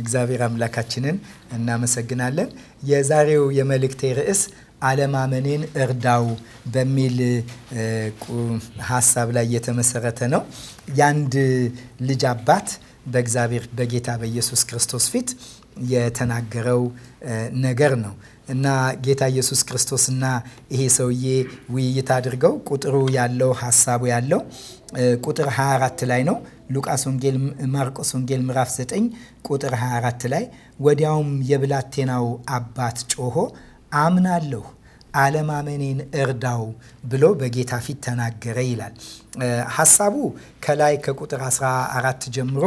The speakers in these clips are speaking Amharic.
እግዚአብሔር አምላካችንን እናመሰግናለን። የዛሬው የመልእክቴ ርዕስ አለማመኔን እርዳው በሚል ሀሳብ ላይ የተመሰረተ ነው። የአንድ ልጅ አባት በእግዚአብሔር በጌታ በኢየሱስ ክርስቶስ ፊት የተናገረው ነገር ነው እና ጌታ ኢየሱስ ክርስቶስና ይሄ ሰውዬ ውይይት አድርገው ቁጥሩ ያለው ሀሳቡ ያለው ቁጥር 24 ላይ ነው ሉቃስ ወንጌል ማርቆስ ወንጌል ምዕራፍ 9 ቁጥር 24 ላይ ወዲያውም የብላቴናው አባት ጮሆ አምናለሁ አለማመኔን እርዳው ብሎ በጌታ ፊት ተናገረ ይላል። ሀሳቡ ከላይ ከቁጥር 14 ጀምሮ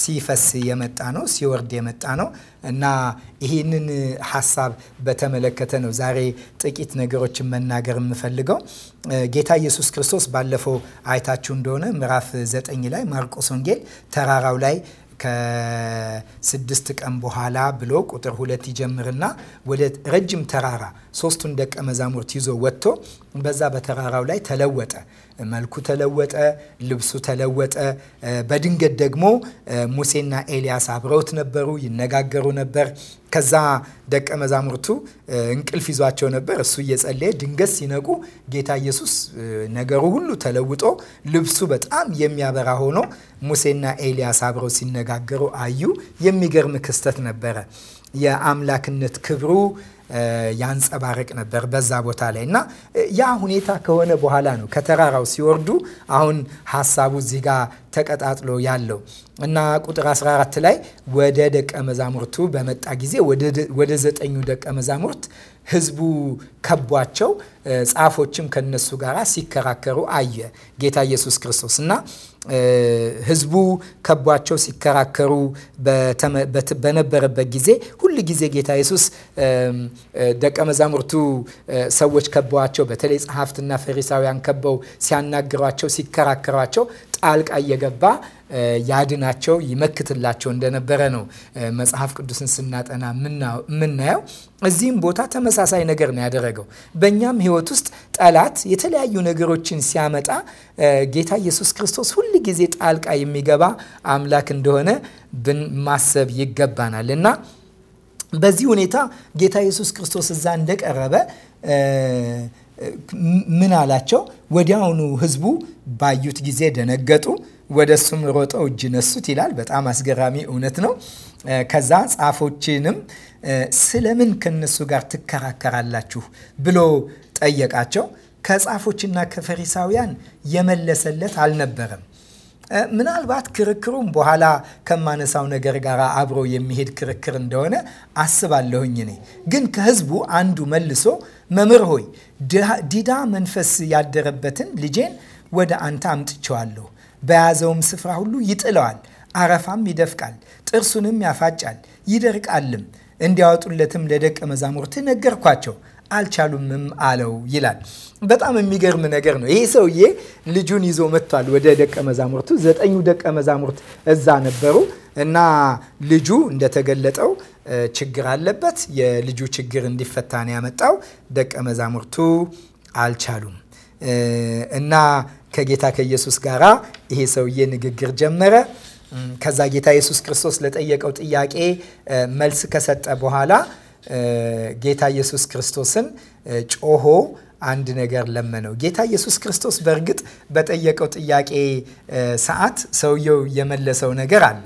ሲፈስ የመጣ ነው፣ ሲወርድ የመጣ ነው እና ይህንን ሀሳብ በተመለከተ ነው ዛሬ ጥቂት ነገሮችን መናገር የምፈልገው። ጌታ ኢየሱስ ክርስቶስ ባለፈው አይታችሁ እንደሆነ ምዕራፍ 9 ላይ ማርቆስ ወንጌል ተራራው ላይ ከስድስት ቀን በኋላ ብሎ ቁጥር ሁለት ይጀምርና ወደ ረጅም ተራራ ሶስቱን ደቀ መዛሙርት ይዞ ወጥቶ በዛ በተራራው ላይ ተለወጠ። መልኩ ተለወጠ፣ ልብሱ ተለወጠ። በድንገት ደግሞ ሙሴና ኤልያስ አብረውት ነበሩ፣ ይነጋገሩ ነበር። ከዛ ደቀ መዛሙርቱ እንቅልፍ ይዟቸው ነበር። እሱ እየጸለየ ድንገት ሲነቁ ጌታ ኢየሱስ ነገሩ ሁሉ ተለውጦ ልብሱ በጣም የሚያበራ ሆኖ ሙሴና ኤልያስ አብረው ሲነጋገሩ አዩ። የሚገርም ክስተት ነበረ። የአምላክነት ክብሩ ያንጸባረቅ ነበር በዛ ቦታ ላይ እና ያ ሁኔታ ከሆነ በኋላ ነው ከተራራው ሲወርዱ አሁን ሀሳቡ እዚህ ጋር ተቀጣጥሎ ያለው እና ቁጥር 14 ላይ ወደ ደቀ መዛሙርቱ በመጣ ጊዜ ወደ ዘጠኙ ደቀ መዛሙርት ህዝቡ ከቧቸው ጻፎችም ከነሱ ጋር ሲከራከሩ አየ ጌታ ኢየሱስ ክርስቶስ እና ህዝቡ ከቧቸው ሲከራከሩ በነበረበት ጊዜ ሁል ጊዜ ጌታ ኢየሱስ ደቀ መዛሙርቱ ሰዎች ከበዋቸው፣ በተለይ ጸሐፍትና ፈሪሳውያን ከበው ሲያናግሯቸው፣ ሲከራከሯቸው ጣልቃ እየገባ ያድናቸው ይመክትላቸው እንደነበረ ነው መጽሐፍ ቅዱስን ስናጠና የምናየው። እዚህም ቦታ ተመሳሳይ ነገር ነው ያደረገው። በእኛም ሕይወት ውስጥ ጠላት የተለያዩ ነገሮችን ሲያመጣ ጌታ ኢየሱስ ክርስቶስ ሁል ጊዜ ጣልቃ የሚገባ አምላክ እንደሆነ ማሰብ ይገባናል እና በዚህ ሁኔታ ጌታ ኢየሱስ ክርስቶስ እዛ እንደቀረበ ምን አላቸው? ወዲያውኑ ህዝቡ ባዩት ጊዜ ደነገጡ። ወደ እሱም ሮጠው እጅ ነሱት ይላል። በጣም አስገራሚ እውነት ነው። ከዛ ጻፎችንም ስለምን ከነሱ ጋር ትከራከራላችሁ ብሎ ጠየቃቸው። ከጻፎችና ከፈሪሳውያን የመለሰለት አልነበረም። ምናልባት ክርክሩም በኋላ ከማነሳው ነገር ጋር አብሮ የሚሄድ ክርክር እንደሆነ አስባለሁኝ። እኔ ግን ከህዝቡ አንዱ መልሶ መምህር ሆይ ዲዳ መንፈስ ያደረበትን ልጄን ወደ አንተ አምጥቼዋለሁ በያዘውም ስፍራ ሁሉ ይጥለዋል፣ አረፋም ይደፍቃል፣ ጥርሱንም ያፋጫል፣ ይደርቃልም። እንዲያወጡለትም ለደቀ መዛሙርት ነገርኳቸው አልቻሉምም አለው ይላል። በጣም የሚገርም ነገር ነው። ይህ ሰውዬ ልጁን ይዞ መጥቷል ወደ ደቀ መዛሙርቱ። ዘጠኙ ደቀ መዛሙርት እዛ ነበሩ እና ልጁ እንደተገለጠው ችግር አለበት። የልጁ ችግር እንዲፈታ ነው ያመጣው። ደቀ መዛሙርቱ አልቻሉም። እና ከጌታ ከኢየሱስ ጋራ ይሄ ሰውዬ ንግግር ጀመረ። ከዛ ጌታ ኢየሱስ ክርስቶስ ለጠየቀው ጥያቄ መልስ ከሰጠ በኋላ ጌታ ኢየሱስ ክርስቶስን ጮሆ አንድ ነገር ለመነው። ጌታ ኢየሱስ ክርስቶስ በእርግጥ በጠየቀው ጥያቄ ሰዓት ሰውየው የመለሰው ነገር አለ።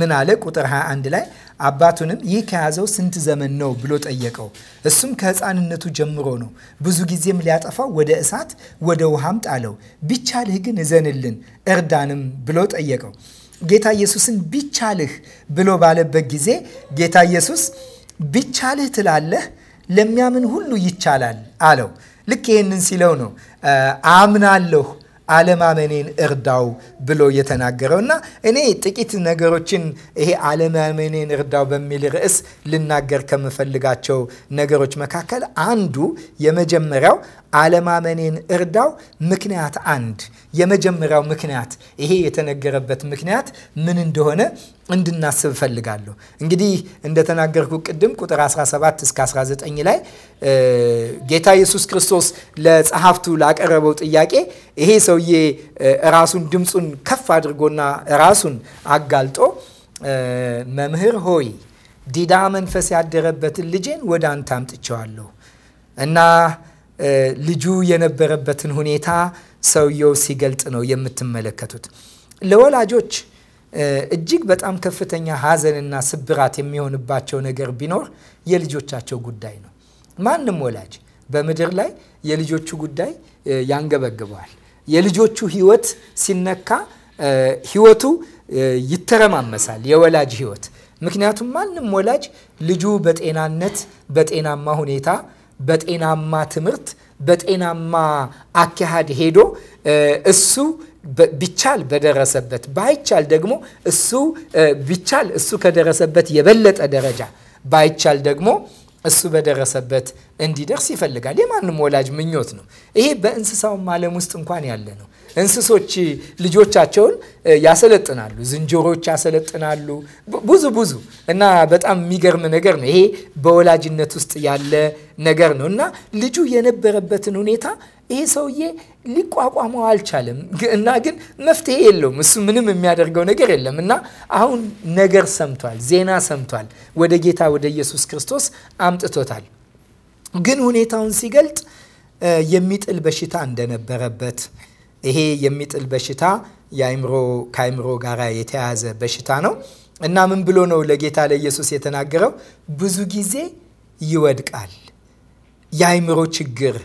ምን አለ? ቁጥር 21 ላይ አባቱንም ይህ ከያዘው ስንት ዘመን ነው ብሎ ጠየቀው። እሱም ከሕፃንነቱ ጀምሮ ነው፣ ብዙ ጊዜም ሊያጠፋው ወደ እሳት ወደ ውሃም ጣለው፣ ቢቻልህ ግን እዘንልን እርዳንም ብሎ ጠየቀው። ጌታ ኢየሱስን ቢቻልህ ብሎ ባለበት ጊዜ ጌታ ኢየሱስ ቢቻልህ ትላለህ፣ ለሚያምን ሁሉ ይቻላል አለው። ልክ ይህንን ሲለው ነው አምናለሁ አለማመኔን እርዳው ብሎ የተናገረው እና እኔ ጥቂት ነገሮችን ይሄ አለማመኔን እርዳው በሚል ርዕስ ልናገር ከምፈልጋቸው ነገሮች መካከል አንዱ የመጀመሪያው አለማመኔን እርዳው ምክንያት አንድ የመጀመሪያው ምክንያት ይሄ የተነገረበት ምክንያት ምን እንደሆነ እንድናስብ እፈልጋለሁ። እንግዲህ እንደተናገርኩ ቅድም ቁጥር 17 እስከ 19 ላይ ጌታ ኢየሱስ ክርስቶስ ለጸሐፍቱ ላቀረበው ጥያቄ ይሄ ሰውዬ ራሱን ድምፁን ከፍ አድርጎና ራሱን አጋልጦ መምህር ሆይ ዲዳ መንፈስ ያደረበትን ልጄን ወደ አንተ አምጥቼዋለሁ እና ልጁ የነበረበትን ሁኔታ ሰውየው ሲገልጥ ነው የምትመለከቱት ለወላጆች እጅግ በጣም ከፍተኛ ሐዘንና ስብራት የሚሆንባቸው ነገር ቢኖር የልጆቻቸው ጉዳይ ነው። ማንም ወላጅ በምድር ላይ የልጆቹ ጉዳይ ያንገበግበዋል። የልጆቹ ሕይወት ሲነካ ሕይወቱ ይተረማመሳል፣ የወላጅ ሕይወት። ምክንያቱም ማንም ወላጅ ልጁ በጤናነት በጤናማ ሁኔታ በጤናማ ትምህርት በጤናማ አካሄድ ሄዶ እሱ ቢቻል በደረሰበት ባይቻል ደግሞ እሱ ቢቻል እሱ ከደረሰበት የበለጠ ደረጃ ባይቻል ደግሞ እሱ በደረሰበት እንዲደርስ ይፈልጋል። የማንም ወላጅ ምኞት ነው። ይሄ በእንስሳውም ዓለም ውስጥ እንኳን ያለ ነው። እንስሶች ልጆቻቸውን ያሰለጥናሉ። ዝንጀሮች ያሰለጥናሉ። ብዙ ብዙ እና በጣም የሚገርም ነገር ነው። ይሄ በወላጅነት ውስጥ ያለ ነገር ነው እና ልጁ የነበረበትን ሁኔታ ይሄ ሰውዬ ሊቋቋመው አልቻለም እና ግን መፍትሄ የለውም። እሱ ምንም የሚያደርገው ነገር የለም እና አሁን ነገር ሰምቷል፣ ዜና ሰምቷል። ወደ ጌታ ወደ ኢየሱስ ክርስቶስ አምጥቶታል። ግን ሁኔታውን ሲገልጥ የሚጥል በሽታ እንደነበረበት ይሄ የሚጥል በሽታ የአይምሮ ከአይምሮ ጋር የተያያዘ በሽታ ነው እና ምን ብሎ ነው ለጌታ ለኢየሱስ የተናገረው? ብዙ ጊዜ ይወድቃል። የአእምሮ ችግር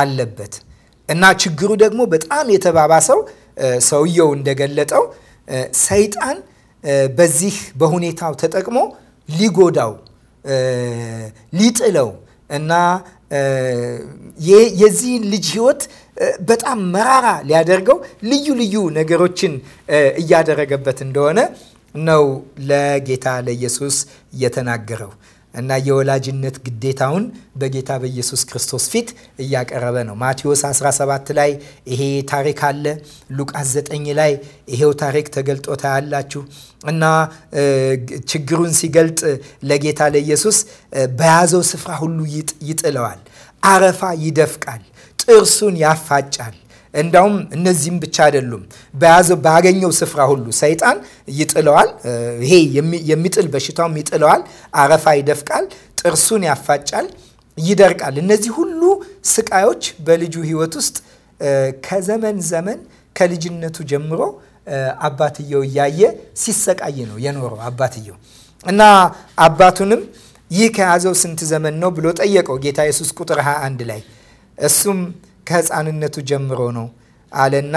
አለበት እና ችግሩ ደግሞ በጣም የተባባሰው ሰውየው እንደገለጠው ሰይጣን በዚህ በሁኔታው ተጠቅሞ ሊጎዳው ሊጥለው እና የዚህን ልጅ ህይወት በጣም መራራ ሊያደርገው ልዩ ልዩ ነገሮችን እያደረገበት እንደሆነ ነው ለጌታ ለኢየሱስ የተናገረው እና የወላጅነት ግዴታውን በጌታ በኢየሱስ ክርስቶስ ፊት እያቀረበ ነው። ማቴዎስ 17 ላይ ይሄ ታሪክ አለ። ሉቃስ 9 ላይ ይሄው ታሪክ ተገልጦ ታያላችሁ። እና ችግሩን ሲገልጥ ለጌታ ለኢየሱስ በያዘው ስፍራ ሁሉ ይጥለዋል፣ አረፋ ይደፍቃል ጥርሱን ያፋጫል። እንዳውም እነዚህም ብቻ አይደሉም። በያዘው ባገኘው ስፍራ ሁሉ ሰይጣን ይጥለዋል። ይሄ የሚጥል በሽታውም ይጥለዋል። አረፋ ይደፍቃል፣ ጥርሱን ያፋጫል፣ ይደርቃል። እነዚህ ሁሉ ስቃዮች በልጁ ሕይወት ውስጥ ከዘመን ዘመን ከልጅነቱ ጀምሮ አባትየው እያየ ሲሰቃይ ነው የኖረው። አባትየው እና አባቱንም ይህ ከያዘው ስንት ዘመን ነው ብሎ ጠየቀው ጌታ ኢየሱስ ቁጥር 21 ላይ እሱም ከህፃንነቱ ጀምሮ ነው አለና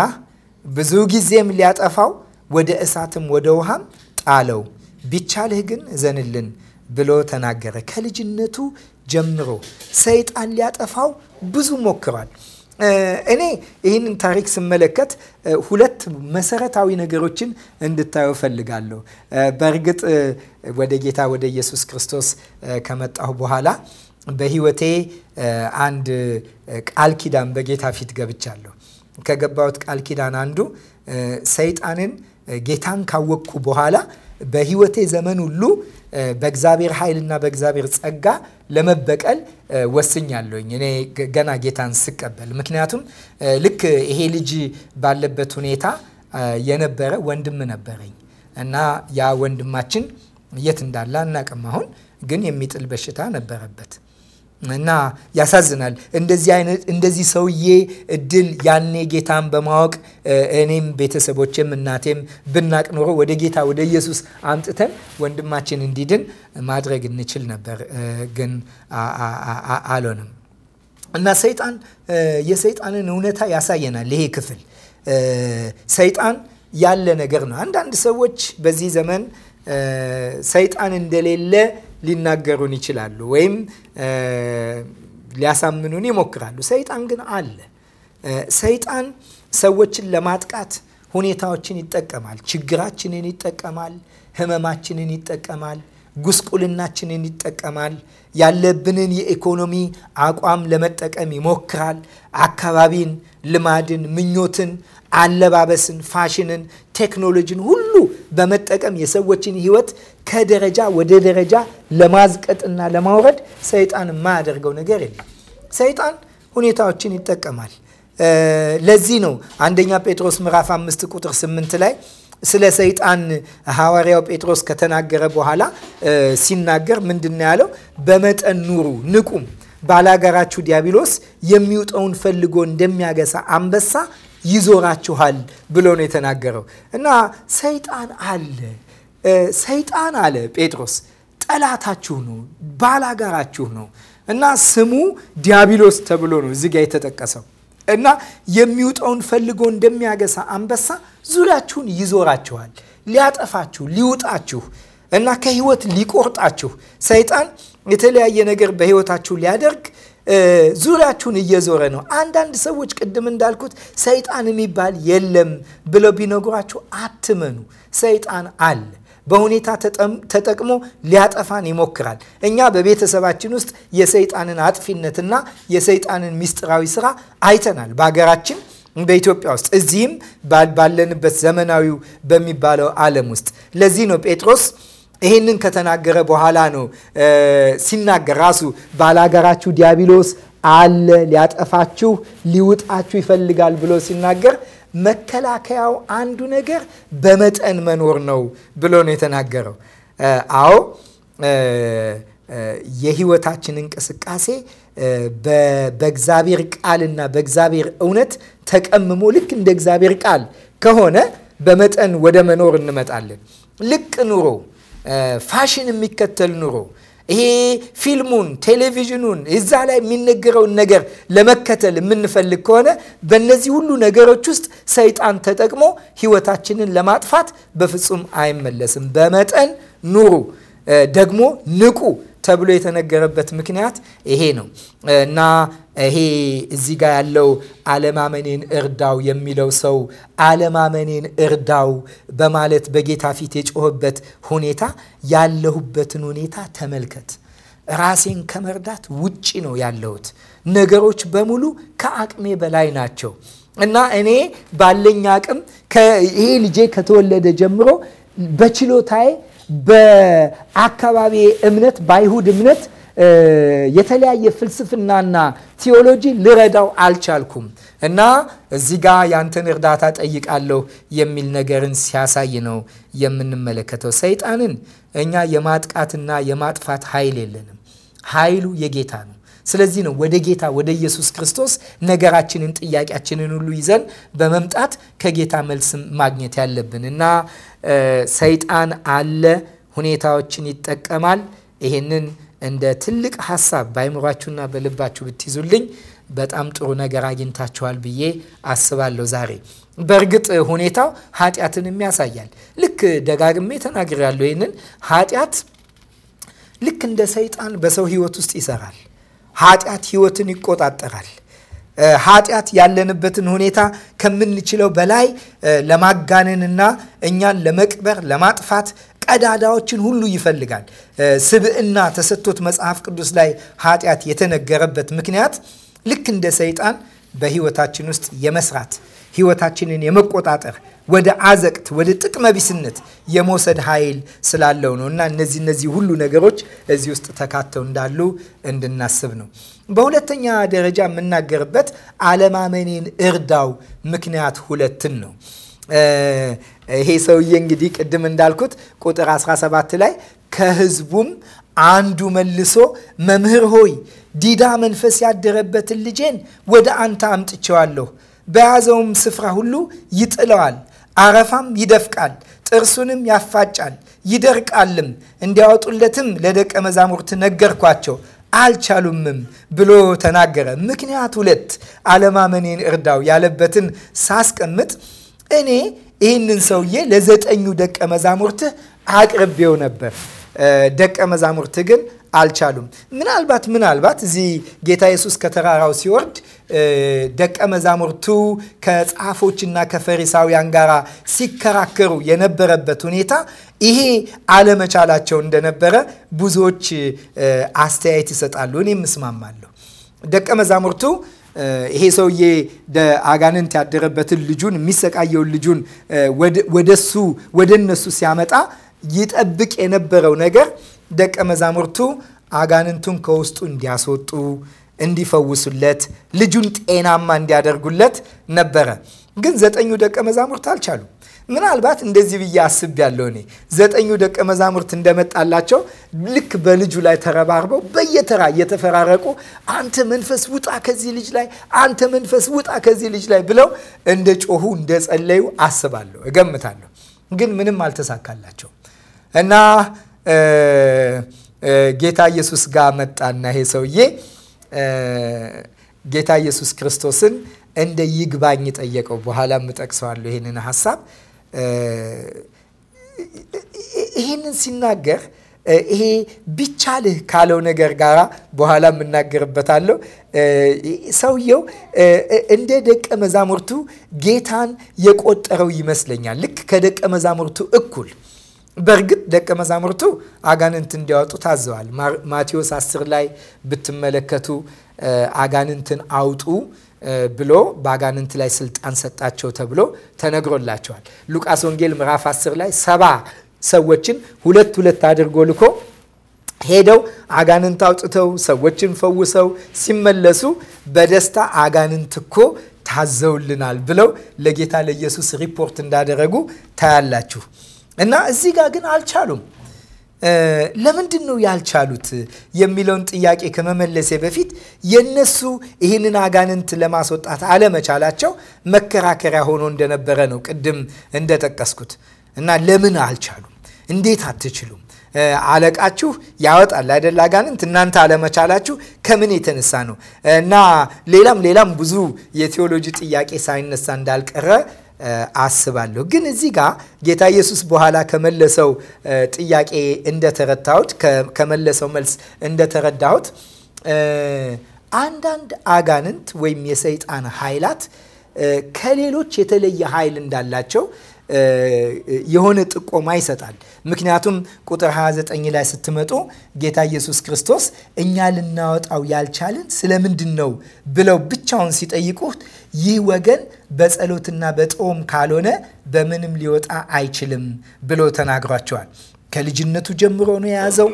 ብዙ ጊዜም ሊያጠፋው ወደ እሳትም ወደ ውሃም ጣለው፣ ቢቻልህ ግን እዘንልን ብሎ ተናገረ። ከልጅነቱ ጀምሮ ሰይጣን ሊያጠፋው ብዙ ሞክሯል። እኔ ይህንን ታሪክ ስመለከት ሁለት መሰረታዊ ነገሮችን እንድታየው ፈልጋለሁ። በእርግጥ ወደ ጌታ ወደ ኢየሱስ ክርስቶስ ከመጣሁ በኋላ በህይወቴ አንድ ቃል ኪዳን በጌታ ፊት ገብቻለሁ። ከገባሁት ቃል ኪዳን አንዱ ሰይጣንን ጌታን ካወቅኩ በኋላ በህይወቴ ዘመን ሁሉ በእግዚአብሔር ኃይልና በእግዚአብሔር ጸጋ ለመበቀል ወስኛለሁኝ እኔ ገና ጌታን ስቀበል። ምክንያቱም ልክ ይሄ ልጅ ባለበት ሁኔታ የነበረ ወንድም ነበረኝ እና ያ ወንድማችን የት እንዳለ አናቅም አሁን ግን የሚጥል በሽታ ነበረበት እና ያሳዝናል። እንደዚህ አይነት እንደዚህ ሰውዬ እድል ያኔ ጌታን በማወቅ እኔም ቤተሰቦችም እናቴም ብናቅ ኖሮ ወደ ጌታ ወደ ኢየሱስ አምጥተን ወንድማችን እንዲድን ማድረግ እንችል ነበር፣ ግን አልሆንም እና ሰይጣን የሰይጣንን እውነታ ያሳየናል ይሄ ክፍል። ሰይጣን ያለ ነገር ነው። አንዳንድ ሰዎች በዚህ ዘመን ሰይጣን እንደሌለ ሊናገሩን ይችላሉ ወይም ሊያሳምኑን ይሞክራሉ። ሰይጣን ግን አለ። ሰይጣን ሰዎችን ለማጥቃት ሁኔታዎችን ይጠቀማል። ችግራችንን ይጠቀማል። ህመማችንን ይጠቀማል። ጉስቁልናችንን ይጠቀማል። ያለብንን የኢኮኖሚ አቋም ለመጠቀም ይሞክራል። አካባቢን፣ ልማድን፣ ምኞትን፣ አለባበስን፣ ፋሽንን፣ ቴክኖሎጂን ሁሉ በመጠቀም የሰዎችን ህይወት ከደረጃ ወደ ደረጃ ለማዝቀጥና ለማውረድ ሰይጣን የማያደርገው ነገር የለም። ሰይጣን ሁኔታዎችን ይጠቀማል። ለዚህ ነው አንደኛ ጴጥሮስ ምዕራፍ አምስት ቁጥር ስምንት ላይ ስለ ሰይጣን ሐዋርያው ጴጥሮስ ከተናገረ በኋላ ሲናገር ምንድን ያለው? በመጠን ኑሩ፣ ንቁም፣ ባላጋራችሁ ዲያብሎስ የሚውጠውን ፈልጎ እንደሚያገሳ አንበሳ ይዞራችኋል ብሎ ነው የተናገረው እና ሰይጣን አለ ሰይጣን አለ ጴጥሮስ ጠላታችሁ ነው፣ ባላጋራችሁ ነው እና ስሙ ዲያብሎስ ተብሎ ነው እዚጋ የተጠቀሰው እና የሚውጠውን ፈልጎ እንደሚያገሳ አንበሳ ዙሪያችሁን ይዞራችኋል፣ ሊያጠፋችሁ፣ ሊውጣችሁ እና ከህይወት ሊቆርጣችሁ ሰይጣን የተለያየ ነገር በህይወታችሁ ሊያደርግ ዙሪያችሁን እየዞረ ነው። አንዳንድ ሰዎች ቅድም እንዳልኩት ሰይጣን የሚባል የለም ብለው ቢነግሯችሁ አትመኑ። ሰይጣን አለ በሁኔታ ተጠቅሞ ሊያጠፋን ይሞክራል። እኛ በቤተሰባችን ውስጥ የሰይጣንን አጥፊነትና የሰይጣንን ምስጢራዊ ስራ አይተናል። በሀገራችን በኢትዮጵያ ውስጥ እዚህም ባለንበት ዘመናዊው በሚባለው ዓለም ውስጥ ለዚህ ነው ጴጥሮስ ይህንን ከተናገረ በኋላ ነው ሲናገር ራሱ ባላገራችሁ ዲያብሎስ አለ ሊያጠፋችሁ ሊውጣችሁ ይፈልጋል ብሎ ሲናገር መከላከያው አንዱ ነገር በመጠን መኖር ነው ብሎ ነው የተናገረው። አዎ የህይወታችን እንቅስቃሴ በእግዚአብሔር ቃልና በእግዚአብሔር እውነት ተቀምሞ ልክ እንደ እግዚአብሔር ቃል ከሆነ በመጠን ወደ መኖር እንመጣለን። ልቅ ኑሮ፣ ፋሽን የሚከተል ኑሮ፣ ይሄ ፊልሙን፣ ቴሌቪዥኑን እዛ ላይ የሚነገረውን ነገር ለመከተል የምንፈልግ ከሆነ በእነዚህ ሁሉ ነገሮች ውስጥ ሰይጣን ተጠቅሞ ህይወታችንን ለማጥፋት በፍጹም አይመለስም። በመጠን ኑሩ፣ ደግሞ ንቁ ተብሎ የተነገረበት ምክንያት ይሄ ነው እና ይሄ እዚህ ጋር ያለው አለማመኔን እርዳው የሚለው ሰው አለማመኔን እርዳው በማለት በጌታ ፊት የጮኸበት ሁኔታ ያለሁበትን ሁኔታ ተመልከት። ራሴን ከመርዳት ውጪ ነው ያለሁት። ነገሮች በሙሉ ከአቅሜ በላይ ናቸው እና እኔ ባለኝ አቅም ይሄ ልጄ ከተወለደ ጀምሮ በችሎታዬ በአካባቢ እምነት በአይሁድ እምነት የተለያየ ፍልስፍናና ቲዎሎጂ ልረዳው አልቻልኩም እና እዚህ ጋር ያንተን እርዳታ ጠይቃለሁ የሚል ነገርን ሲያሳይ ነው የምንመለከተው። ሰይጣንን እኛ የማጥቃትና የማጥፋት ኃይል የለንም። ኃይሉ የጌታ ነው። ስለዚህ ነው ወደ ጌታ ወደ ኢየሱስ ክርስቶስ ነገራችንን፣ ጥያቄያችንን ሁሉ ይዘን በመምጣት ከጌታ መልስ ማግኘት ያለብን እና ሰይጣን አለ፣ ሁኔታዎችን ይጠቀማል። ይሄንን እንደ ትልቅ ሀሳብ በአይምሯችሁና በልባችሁ ብትይዙልኝ በጣም ጥሩ ነገር አግኝታችኋል ብዬ አስባለሁ። ዛሬ በእርግጥ ሁኔታው ኃጢአትንም ያሳያል። ልክ ደጋግሜ ተናግሬያለሁ። ይህንን ኃጢአት ልክ እንደ ሰይጣን በሰው ህይወት ውስጥ ይሰራል። ኃጢአት ህይወትን ይቆጣጠራል። ኃጢአት ያለንበትን ሁኔታ ከምንችለው በላይ ለማጋነንና እኛን ለመቅበር ለማጥፋት ቀዳዳዎችን ሁሉ ይፈልጋል። ስብዕና ተሰጥቶት መጽሐፍ ቅዱስ ላይ ኃጢአት የተነገረበት ምክንያት ልክ እንደ ሰይጣን በህይወታችን ውስጥ የመስራት ህይወታችንን የመቆጣጠር ወደ አዘቅት ወደ ጥቅመ ቢስነት የመውሰድ ኃይል ስላለው ነው እና እነዚህ እነዚህ ሁሉ ነገሮች እዚህ ውስጥ ተካተው እንዳሉ እንድናስብ ነው። በሁለተኛ ደረጃ የምናገርበት አለማመኔን እርዳው ምክንያት ሁለትን ነው። ይሄ ሰውዬ እንግዲህ ቅድም እንዳልኩት ቁጥር 17 ላይ ከህዝቡም አንዱ መልሶ መምህር ሆይ ዲዳ መንፈስ ያደረበትን ልጄን ወደ አንተ አምጥቼዋለሁ በያዘውም ስፍራ ሁሉ ይጥለዋል። አረፋም ይደፍቃል፣ ጥርሱንም ያፋጫል፣ ይደርቃልም። እንዲያወጡለትም ለደቀ መዛሙርት ነገርኳቸው አልቻሉምም ብሎ ተናገረ። ምክንያት ሁለት አለማመኔን እርዳው ያለበትን ሳስቀምጥ እኔ ይህንን ሰውዬ ለዘጠኙ ደቀ መዛሙርትህ አቅርቤው ነበር። ደቀ መዛሙርት ግን አልቻሉም። ምናልባት ምናልባት እዚህ ጌታ ኢየሱስ ከተራራው ሲወርድ ደቀ መዛሙርቱ ከጻፎችና ከፈሪሳውያን ጋር ሲከራከሩ የነበረበት ሁኔታ ይሄ አለመቻላቸው እንደነበረ ብዙዎች አስተያየት ይሰጣሉ። እኔም እስማማለሁ። ደቀ መዛሙርቱ ይሄ ሰውዬ አጋንንት ያደረበትን ልጁን የሚሰቃየውን ልጁን ወደሱ ወደ እነሱ ሲያመጣ ይጠብቅ የነበረው ነገር ደቀ መዛሙርቱ አጋንንቱን ከውስጡ እንዲያስወጡ እንዲፈውሱለት፣ ልጁን ጤናማ እንዲያደርጉለት ነበረ። ግን ዘጠኙ ደቀ መዛሙርት አልቻሉ። ምናልባት እንደዚህ ብዬ አስብ ያለው እኔ ዘጠኙ ደቀ መዛሙርት እንደመጣላቸው ልክ በልጁ ላይ ተረባርበው በየተራ እየተፈራረቁ አንተ መንፈስ ውጣ ከዚህ ልጅ ላይ፣ አንተ መንፈስ ውጣ ከዚህ ልጅ ላይ ብለው እንደ ጮሁ እንደ ጸለዩ አስባለሁ፣ እገምታለሁ። ግን ምንም አልተሳካላቸው እና ጌታ ኢየሱስ ጋር መጣና ይሄ ሰውዬ ጌታ ኢየሱስ ክርስቶስን እንደ ይግባኝ ጠየቀው። በኋላ እጠቅሰዋለሁ ይህንን ሀሳብ። ይህንን ሲናገር ይሄ ቢቻልህ ካለው ነገር ጋራ በኋላ የምናገርበታለሁ። ሰውየው እንደ ደቀ መዛሙርቱ ጌታን የቆጠረው ይመስለኛል። ልክ ከደቀ መዛሙርቱ እኩል በእርግጥ ደቀ መዛሙርቱ አጋንንት እንዲያወጡ ታዘዋል። ማቴዎስ 10 ላይ ብትመለከቱ አጋንንትን አውጡ ብሎ በአጋንንት ላይ ስልጣን ሰጣቸው ተብሎ ተነግሮላቸዋል። ሉቃስ ወንጌል ምዕራፍ 10 ላይ ሰባ ሰዎችን ሁለት ሁለት አድርጎ ልኮ ሄደው አጋንንት አውጥተው ሰዎችን ፈውሰው ሲመለሱ በደስታ አጋንንት እኮ ታዘውልናል ብለው ለጌታ ለኢየሱስ ሪፖርት እንዳደረጉ ታያላችሁ። እና እዚህ ጋር ግን አልቻሉም። ለምንድን ነው ያልቻሉት የሚለውን ጥያቄ ከመመለሴ በፊት የነሱ ይህንን አጋንንት ለማስወጣት አለመቻላቸው መከራከሪያ ሆኖ እንደነበረ ነው ቅድም እንደጠቀስኩት። እና ለምን አልቻሉም? እንዴት አትችሉም? አለቃችሁ ያወጣል አይደል አጋንንት። እናንተ አለመቻላችሁ ከምን የተነሳ ነው? እና ሌላም ሌላም ብዙ የቴዎሎጂ ጥያቄ ሳይነሳ እንዳልቀረ አስባለሁ። ግን እዚህ ጋር ጌታ ኢየሱስ በኋላ ከመለሰው ጥያቄ እንደተረዳሁት ከመለሰው መልስ እንደተረዳሁት አንዳንድ አጋንንት ወይም የሰይጣን ኃይላት ከሌሎች የተለየ ኃይል እንዳላቸው የሆነ ጥቆማ ይሰጣል። ምክንያቱም ቁጥር 29 ላይ ስትመጡ ጌታ ኢየሱስ ክርስቶስ እኛ ልናወጣው ያልቻልን ስለምንድን ነው ብለው ብቻውን ሲጠይቁት ይህ ወገን በጸሎትና በጦም ካልሆነ በምንም ሊወጣ አይችልም ብሎ ተናግሯቸዋል። ከልጅነቱ ጀምሮ ነው የያዘው።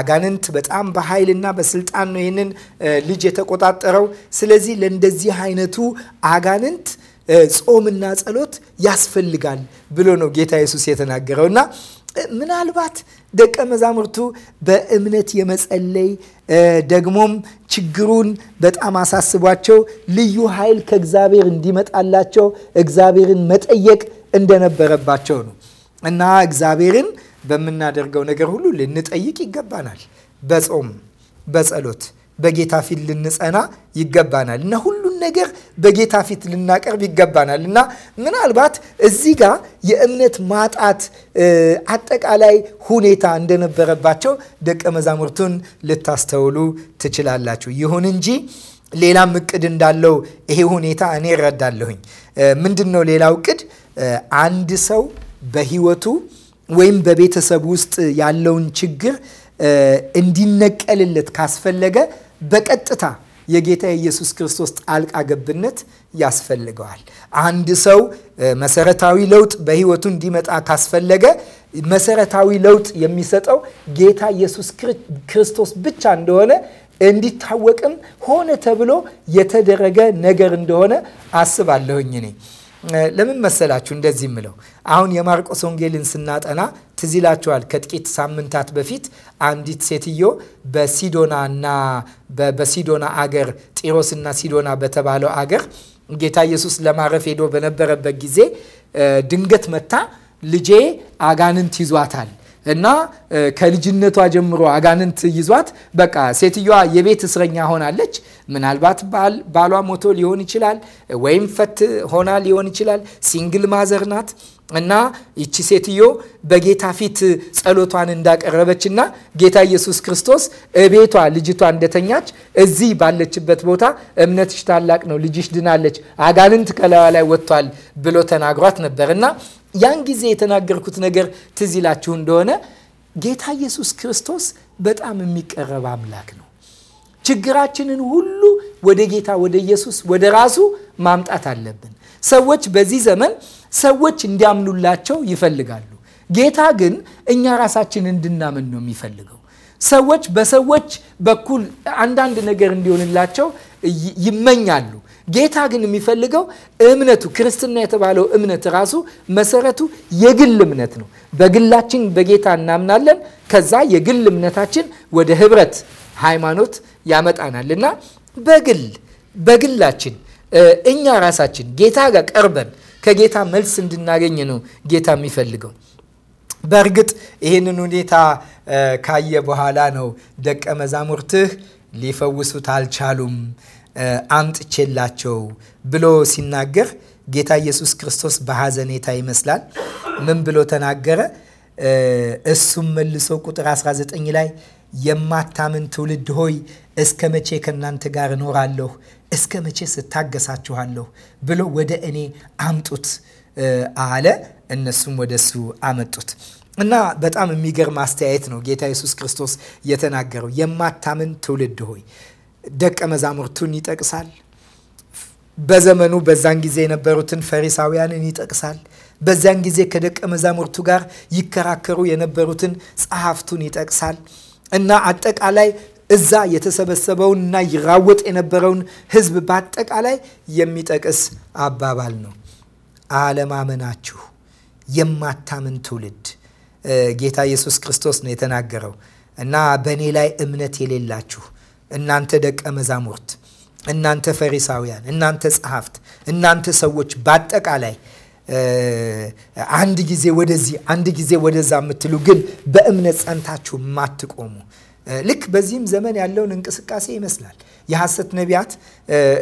አጋንንት በጣም በኃይልና በስልጣን ነው ይህንን ልጅ የተቆጣጠረው። ስለዚህ ለእንደዚህ አይነቱ አጋንንት ጾምና ጸሎት ያስፈልጋል ብሎ ነው ጌታ ኢየሱስ የተናገረው እና ምናልባት ደቀ መዛሙርቱ በእምነት የመጸለይ ደግሞም ችግሩን በጣም አሳስቧቸው ልዩ ኃይል ከእግዚአብሔር እንዲመጣላቸው እግዚአብሔርን መጠየቅ እንደነበረባቸው ነው እና እግዚአብሔርን በምናደርገው ነገር ሁሉ ልንጠይቅ ይገባናል። በጾም፣ በጸሎት፣ በጌታ ፊት ልንጸና ይገባናል እና ሁሉ ነገር በጌታ ፊት ልናቀርብ ይገባናል እና ምናልባት እዚህ ጋር የእምነት ማጣት አጠቃላይ ሁኔታ እንደነበረባቸው ደቀ መዛሙርቱን ልታስተውሉ ትችላላችሁ። ይሁን እንጂ ሌላም እቅድ እንዳለው ይሄ ሁኔታ እኔ እረዳለሁኝ። ምንድን ነው ሌላው እቅድ? አንድ ሰው በህይወቱ ወይም በቤተሰብ ውስጥ ያለውን ችግር እንዲነቀልለት ካስፈለገ በቀጥታ የጌታ ኢየሱስ ክርስቶስ ጣልቃ ገብነት ያስፈልገዋል። አንድ ሰው መሰረታዊ ለውጥ በህይወቱ እንዲመጣ ካስፈለገ መሰረታዊ ለውጥ የሚሰጠው ጌታ ኢየሱስ ክርስቶስ ብቻ እንደሆነ እንዲታወቅም ሆነ ተብሎ የተደረገ ነገር እንደሆነ አስባለሁኝ እኔ ለምን መሰላችሁ እንደዚህ ምለው? አሁን የማርቆስ ወንጌልን ስናጠና ትዝ ይላችኋል። ከጥቂት ሳምንታት በፊት አንዲት ሴትዮ በሲዶና እና በሲዶና አገር ጢሮስና ሲዶና በተባለው አገር ጌታ ኢየሱስ ለማረፍ ሄዶ በነበረበት ጊዜ ድንገት መታ ልጄ አጋንንት ይዟታል እና ከልጅነቷ ጀምሮ አጋንንት ይዟት በቃ ሴትዮዋ የቤት እስረኛ ሆናለች። ምናልባት ባሏ ሞቶ ሊሆን ይችላል፣ ወይም ፈት ሆና ሊሆን ይችላል። ሲንግል ማዘር ናት። እና ይቺ ሴትዮ በጌታ ፊት ጸሎቷን እንዳቀረበች እና ጌታ ኢየሱስ ክርስቶስ እቤቷ ልጅቷ እንደተኛች እዚህ ባለችበት ቦታ እምነትሽ ታላቅ ነው፣ ልጅሽ ድናለች፣ አጋንንት ከላዋ ላይ ወጥቷል ብሎ ተናግሯት ነበር እና ያን ጊዜ የተናገርኩት ነገር ትዝ ይላችሁ እንደሆነ ጌታ ኢየሱስ ክርስቶስ በጣም የሚቀረብ አምላክ ነው። ችግራችንን ሁሉ ወደ ጌታ ወደ ኢየሱስ ወደ ራሱ ማምጣት አለብን። ሰዎች በዚህ ዘመን ሰዎች እንዲያምኑላቸው ይፈልጋሉ። ጌታ ግን እኛ ራሳችን እንድናምን ነው የሚፈልገው። ሰዎች በሰዎች በኩል አንዳንድ ነገር እንዲሆንላቸው ይመኛሉ። ጌታ ግን የሚፈልገው እምነቱ ክርስትና የተባለው እምነት ራሱ መሰረቱ የግል እምነት ነው። በግላችን በጌታ እናምናለን። ከዛ የግል እምነታችን ወደ ህብረት ሃይማኖት ያመጣናል እና በግል በግላችን እኛ ራሳችን ጌታ ጋር ቀርበን ከጌታ መልስ እንድናገኝ ነው ጌታ የሚፈልገው። በእርግጥ ይህንን ሁኔታ ካየ በኋላ ነው ደቀ መዛሙርትህ ሊፈውሱት አልቻሉም አምጥቼላቸው ብሎ ሲናገር ጌታ ኢየሱስ ክርስቶስ በሐዘኔታ ይመስላል። ምን ብሎ ተናገረ? እሱም መልሶ ቁጥር 19 ላይ የማታምን ትውልድ ሆይ እስከ መቼ ከእናንተ ጋር እኖራለሁ? እስከ መቼ ስታገሳችኋለሁ? ብሎ ወደ እኔ አምጡት አለ። እነሱም ወደ እሱ አመጡት። እና በጣም የሚገርም አስተያየት ነው ጌታ ኢየሱስ ክርስቶስ የተናገረው የማታምን ትውልድ ሆይ ደቀ መዛሙርቱን ይጠቅሳል። በዘመኑ በዛን ጊዜ የነበሩትን ፈሪሳውያንን ይጠቅሳል። በዚያን ጊዜ ከደቀ መዛሙርቱ ጋር ይከራከሩ የነበሩትን ጸሐፍቱን ይጠቅሳል እና አጠቃላይ እዛ የተሰበሰበውን እና ይራወጥ የነበረውን ሕዝብ በአጠቃላይ የሚጠቅስ አባባል ነው። አለማመናችሁ የማታምን ትውልድ ጌታ ኢየሱስ ክርስቶስ ነው የተናገረው እና በእኔ ላይ እምነት የሌላችሁ እናንተ ደቀ መዛሙርት፣ እናንተ ፈሪሳውያን፣ እናንተ ጸሐፍት፣ እናንተ ሰዎች በአጠቃላይ አንድ ጊዜ ወደዚህ አንድ ጊዜ ወደዛ የምትሉ ግን በእምነት ጸንታችሁ ማትቆሙ ልክ በዚህም ዘመን ያለውን እንቅስቃሴ ይመስላል። የሐሰት ነቢያት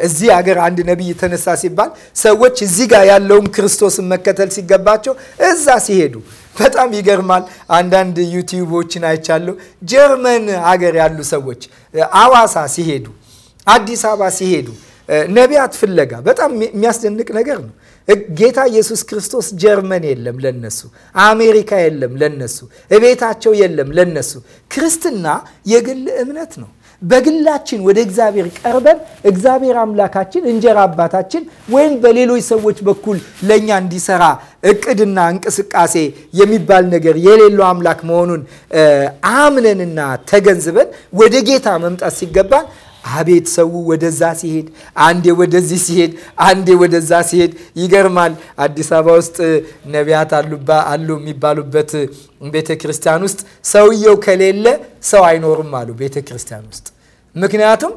እዚህ አገር አንድ ነቢይ ተነሳ ሲባል ሰዎች እዚህ ጋር ያለውም ክርስቶስን መከተል ሲገባቸው እዛ ሲሄዱ በጣም ይገርማል። አንዳንድ ዩቲዩቦችን አይቻለሁ። ጀርመን ሀገር ያሉ ሰዎች አዋሳ ሲሄዱ፣ አዲስ አበባ ሲሄዱ ነቢያት ፍለጋ በጣም የሚያስደንቅ ነገር ነው። ጌታ ኢየሱስ ክርስቶስ ጀርመን የለም ለነሱ፣ አሜሪካ የለም ለነሱ፣ እቤታቸው የለም ለነሱ። ክርስትና የግል እምነት ነው። በግላችን ወደ እግዚአብሔር ቀርበን እግዚአብሔር አምላካችን እንጀራ አባታችን ወይም በሌሎች ሰዎች በኩል ለእኛ እንዲሰራ እቅድና እንቅስቃሴ የሚባል ነገር የሌለው አምላክ መሆኑን አምነንና ተገንዝበን ወደ ጌታ መምጣት ሲገባን አቤት ሰው ወደዛ ሲሄድ አንዴ ወደዚህ ሲሄድ አንዴ ወደዛ ሲሄድ ይገርማል። አዲስ አበባ ውስጥ ነቢያት አሉባ አሉ የሚባሉበት ቤተ ክርስቲያን ውስጥ ሰውየው ከሌለ ሰው አይኖርም አሉ ቤተ ክርስቲያን ውስጥ ምክንያቱም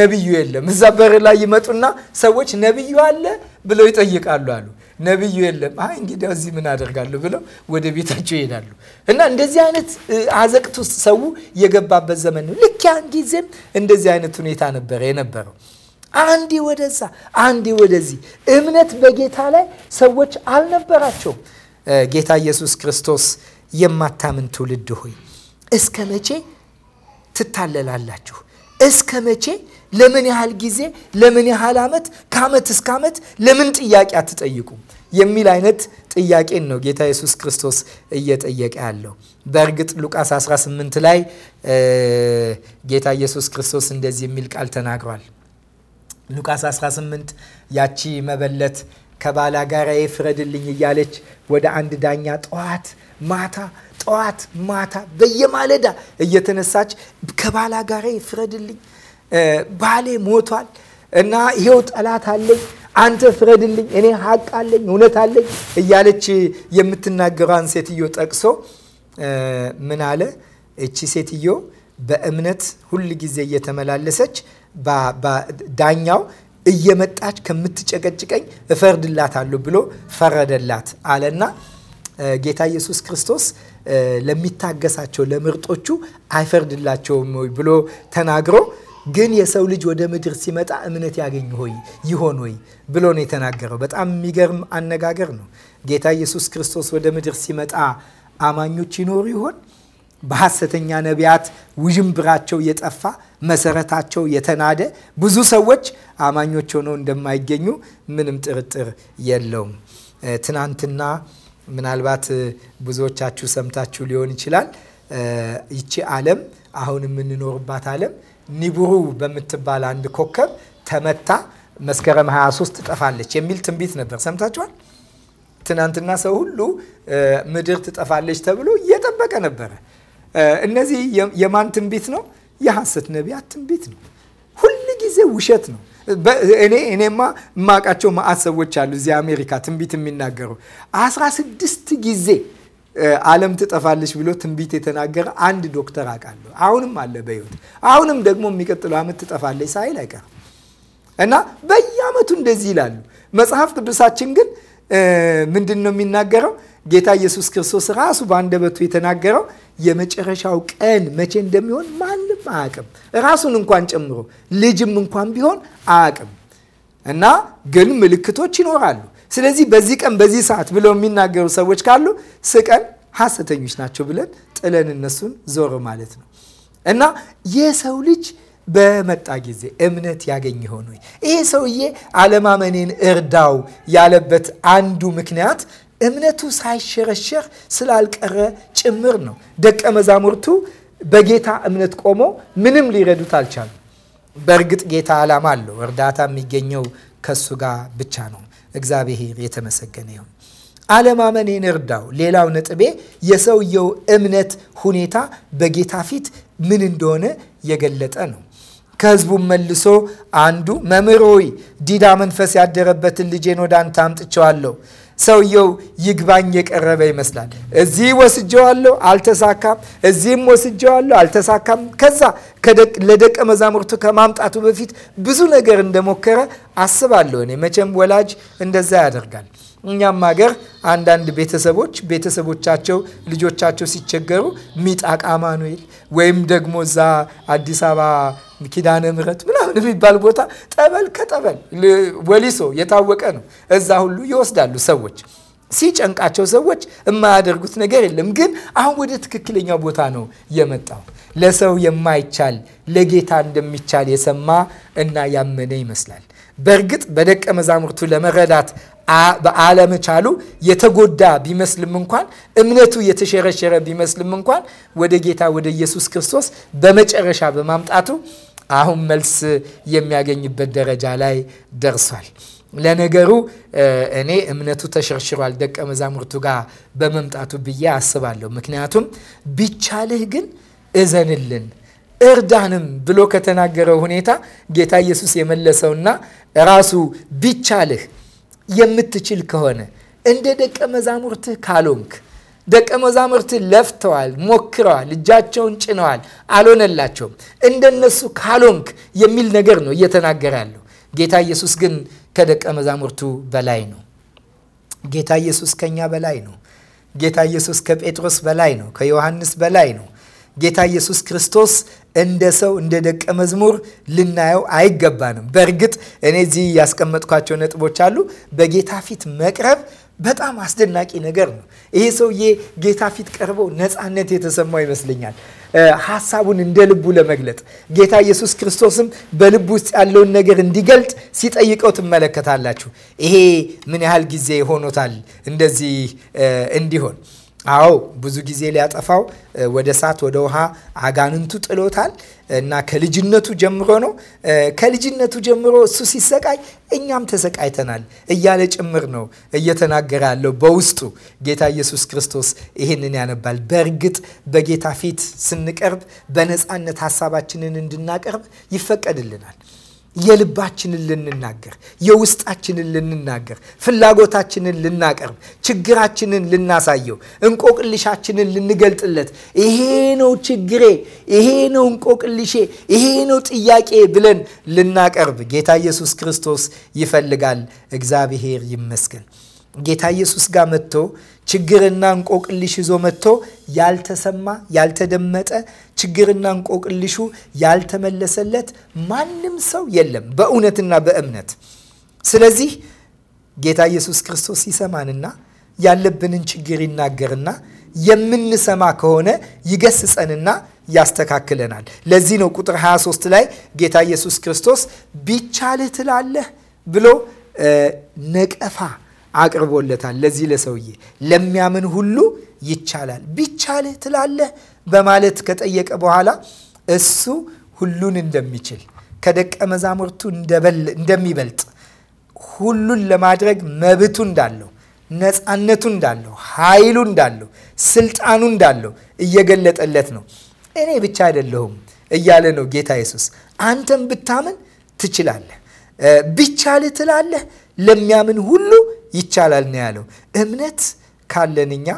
ነቢዩ የለም። እዛ በር ላይ ይመጡና ሰዎች ነቢዩ አለ ብለው ይጠይቃሉ አሉ ነቢዩ የለም። አይ እንግዲያው እዚህ ምን አደርጋለሁ ብለው ወደ ቤታቸው ይሄዳሉ። እና እንደዚህ አይነት አዘቅት ውስጥ ሰው የገባበት ዘመን ነው። ልክ ያን ጊዜም እንደዚህ አይነት ሁኔታ ነበረ የነበረው። አንዴ ወደዛ አንዴ ወደዚህ፣ እምነት በጌታ ላይ ሰዎች አልነበራቸውም። ጌታ ኢየሱስ ክርስቶስ የማታምን ትውልድ ሆይ እስከ መቼ ትታለላላችሁ? እስከ መቼ ለምን ያህል ጊዜ፣ ለምን ያህል ዓመት፣ ከዓመት እስከ ዓመት ለምን ጥያቄ አትጠይቁም የሚል አይነት ጥያቄን ነው ጌታ ኢየሱስ ክርስቶስ እየጠየቀ ያለው። በእርግጥ ሉቃስ 18 ላይ ጌታ ኢየሱስ ክርስቶስ እንደዚህ የሚል ቃል ተናግሯል። ሉቃስ 18 ያቺ መበለት ከባላ ጋር ፍረድልኝ እያለች ወደ አንድ ዳኛ ጠዋት ማታ ጠዋት ማታ በየማለዳ እየተነሳች ጋር ፍረድልኝ ባሌ ሞቷል እና ይሄው ጠላት አለኝ አንተ ፍረድልኝ፣ እኔ ሀቅ አለኝ፣ እውነት አለኝ እያለች የምትናገሯን ሴትዮ ጠቅሶ ምን አለ? እቺ ሴትዮ በእምነት ሁል ጊዜ እየተመላለሰች ዳኛው እየመጣች ከምትጨቀጭቀኝ እፈርድላታለሁ ብሎ ፈረደላት አለና ጌታ ኢየሱስ ክርስቶስ ለሚታገሳቸው ለምርጦቹ አይፈርድላቸውም ብሎ ተናግሮ ግን የሰው ልጅ ወደ ምድር ሲመጣ እምነት ያገኝ ሆይ ይሆን ወይ ብሎ ነው የተናገረው። በጣም የሚገርም አነጋገር ነው። ጌታ ኢየሱስ ክርስቶስ ወደ ምድር ሲመጣ አማኞች ይኖሩ ይሆን? በሐሰተኛ ነቢያት ውዥንብራቸው የጠፋ መሰረታቸው የተናደ ብዙ ሰዎች አማኞች ሆነው እንደማይገኙ ምንም ጥርጥር የለውም። ትናንትና ምናልባት ብዙዎቻችሁ ሰምታችሁ ሊሆን ይችላል። ይቺ ዓለም አሁን የምንኖርባት ዓለም ኒቡሩ በምትባል አንድ ኮከብ ተመታ መስከረም 23 ትጠፋለች የሚል ትንቢት ነበር። ሰምታችኋል? ትናንትና ሰው ሁሉ ምድር ትጠፋለች ተብሎ እየጠበቀ ነበረ። እነዚህ የማን ትንቢት ነው? የሐሰት ነቢያት ትንቢት ነው። ሁል ጊዜ ውሸት ነው። እኔ እኔማ የማውቃቸው መዓት ሰዎች አሉ እዚህ አሜሪካ ትንቢት የሚናገሩ 16 ጊዜ ዓለም ትጠፋለች ብሎ ትንቢት የተናገረ አንድ ዶክተር አውቃለሁ። አሁንም አለ በህይወት። አሁንም ደግሞ የሚቀጥለው ዓመት ትጠፋለች ሳይል አይቀርም እና በየዓመቱ እንደዚህ ይላሉ። መጽሐፍ ቅዱሳችን ግን ምንድን ነው የሚናገረው? ጌታ ኢየሱስ ክርስቶስ ራሱ በአንደበቱ የተናገረው የመጨረሻው ቀን መቼ እንደሚሆን ማንም አያውቅም፣ ራሱን እንኳን ጨምሮ ልጅም እንኳን ቢሆን አያውቅም። እና ግን ምልክቶች ይኖራሉ። ስለዚህ በዚህ ቀን በዚህ ሰዓት ብለው የሚናገሩ ሰዎች ካሉ ስቀን ሐሰተኞች ናቸው ብለን ጥለን እነሱን ዞር ማለት ነው እና የሰው ልጅ በመጣ ጊዜ እምነት ያገኝ ይሆን ይሄ ሰውዬ አለማመኔን እርዳው ያለበት አንዱ ምክንያት እምነቱ ሳይሸረሸር ስላልቀረ ጭምር ነው። ደቀ መዛሙርቱ በጌታ እምነት ቆመው ምንም ሊረዱት አልቻሉ። በእርግጥ ጌታ ዓላማ አለው። እርዳታ የሚገኘው ከሱ ጋር ብቻ ነው። እግዚአብሔር የተመሰገነ ይሁን። አለማመኔን እርዳው። ሌላው ነጥቤ የሰውየው እምነት ሁኔታ በጌታ ፊት ምን እንደሆነ የገለጠ ነው። ከህዝቡ መልሶ አንዱ መምህር ሆይ ዲዳ መንፈስ ያደረበትን ልጄን ወደ አንተ አምጥቼዋለሁ ሰውየው ይግባኝ የቀረበ ይመስላል። እዚህ ወስጀዋለሁ አልተሳካም፣ እዚህም ወስጀዋለሁ አልተሳካም። ከዛ ለደቀ መዛሙርቱ ከማምጣቱ በፊት ብዙ ነገር እንደሞከረ አስባለሁ እኔ። መቼም ወላጅ እንደዛ ያደርጋል። እኛም ሀገር አንዳንድ ቤተሰቦች ቤተሰቦቻቸው ልጆቻቸው ሲቸገሩ ሚጣቃ ማኑኤል ወይም ደግሞ እዛ አዲስ አበባ ኪዳነ ምሕረት ምናምን የሚባል ቦታ ጠበል ከጠበል ወሊሶ የታወቀ ነው። እዛ ሁሉ ይወስዳሉ ሰዎች ሲጨንቃቸው ሰዎች የማያደርጉት ነገር የለም። ግን አሁን ወደ ትክክለኛው ቦታ ነው የመጣው። ለሰው የማይቻል ለጌታ እንደሚቻል የሰማ እና ያመነ ይመስላል። በእርግጥ በደቀ መዛሙርቱ ለመረዳት በአለመቻሉ የተጎዳ ቢመስልም እንኳን እምነቱ የተሸረሸረ ቢመስልም እንኳን ወደ ጌታ ወደ ኢየሱስ ክርስቶስ በመጨረሻ በማምጣቱ አሁን መልስ የሚያገኝበት ደረጃ ላይ ደርሷል። ለነገሩ እኔ እምነቱ ተሸርሽሯል ደቀ መዛሙርቱ ጋር በመምጣቱ ብዬ አስባለሁ። ምክንያቱም ቢቻልህ ግን እዘንልን እርዳንም ብሎ ከተናገረው ሁኔታ ጌታ ኢየሱስ የመለሰውና ራሱ ቢቻልህ የምትችል ከሆነ እንደ ደቀ መዛሙርትህ ካልሆንክ ደቀ መዛሙርትህ ለፍተዋል፣ ሞክረዋል፣ እጃቸውን ጭነዋል፣ አልሆነላቸውም። እንደነሱ ካልሆንክ የሚል ነገር ነው እየተናገረ ያለው። ጌታ ኢየሱስ ግን ከደቀ መዛሙርቱ በላይ ነው። ጌታ ኢየሱስ ከኛ በላይ ነው። ጌታ ኢየሱስ ከጴጥሮስ በላይ ነው። ከዮሐንስ በላይ ነው። ጌታ ኢየሱስ ክርስቶስ እንደ ሰው እንደ ደቀ መዝሙር ልናየው አይገባንም። በእርግጥ እኔ እዚህ ያስቀመጥኳቸው ነጥቦች አሉ። በጌታ ፊት መቅረብ በጣም አስደናቂ ነገር ነው። ይሄ ሰውዬ ጌታ ፊት ቀርቦ ነፃነት የተሰማው ይመስለኛል። ሀሳቡን እንደ ልቡ ለመግለጥ ጌታ ኢየሱስ ክርስቶስም በልቡ ውስጥ ያለውን ነገር እንዲገልጥ ሲጠይቀው ትመለከታላችሁ። ይሄ ምን ያህል ጊዜ ሆኖታል እንደዚህ እንዲሆን አዎ ብዙ ጊዜ ሊያጠፋው ወደ እሳት ወደ ውሃ አጋንንቱ ጥሎታል እና ከልጅነቱ ጀምሮ ነው። ከልጅነቱ ጀምሮ እሱ ሲሰቃይ እኛም ተሰቃይተናል እያለ ጭምር ነው እየተናገረ ያለው። በውስጡ ጌታ ኢየሱስ ክርስቶስ ይህንን ያነባል። በእርግጥ በጌታ ፊት ስንቀርብ በነፃነት ሀሳባችንን እንድናቀርብ ይፈቀድልናል። የልባችንን ልንናገር፣ የውስጣችንን ልንናገር፣ ፍላጎታችንን ልናቀርብ፣ ችግራችንን ልናሳየው፣ እንቆቅልሻችንን ልንገልጥለት፣ ይሄ ነው ችግሬ፣ ይሄ ነው እንቆቅልሼ፣ ይሄ ነው ጥያቄ ብለን ልናቀርብ ጌታ ኢየሱስ ክርስቶስ ይፈልጋል። እግዚአብሔር ይመስገን። ጌታ ኢየሱስ ጋር መጥቶ ችግርና እንቆቅልሽ ይዞ መጥቶ ያልተሰማ ያልተደመጠ ችግርና እንቆቅልሹ ያልተመለሰለት ማንም ሰው የለም በእውነትና በእምነት። ስለዚህ ጌታ ኢየሱስ ክርስቶስ ይሰማንና ያለብንን ችግር ይናገርና የምንሰማ ከሆነ ይገስጸንና ያስተካክለናል። ለዚህ ነው ቁጥር 23 ላይ ጌታ ኢየሱስ ክርስቶስ ቢቻልህ ትላለህ ብሎ ነቀፋ አቅርቦለታል። ለዚህ ለሰውዬ ለሚያምን ሁሉ ይቻላል። ቢቻልህ ትላለህ በማለት ከጠየቀ በኋላ እሱ ሁሉን እንደሚችል ከደቀ መዛሙርቱ እንደሚበልጥ ሁሉን ለማድረግ መብቱ እንዳለው ነፃነቱ እንዳለው ኃይሉ እንዳለው ስልጣኑ እንዳለው እየገለጠለት ነው። እኔ ብቻ አይደለሁም እያለ ነው ጌታ ኢየሱስ። አንተም ብታምን ትችላለህ፣ ቢቻልህ ትላለህ ለሚያምን ሁሉ ይቻላል ነው ያለው። እምነት ካለን እኛ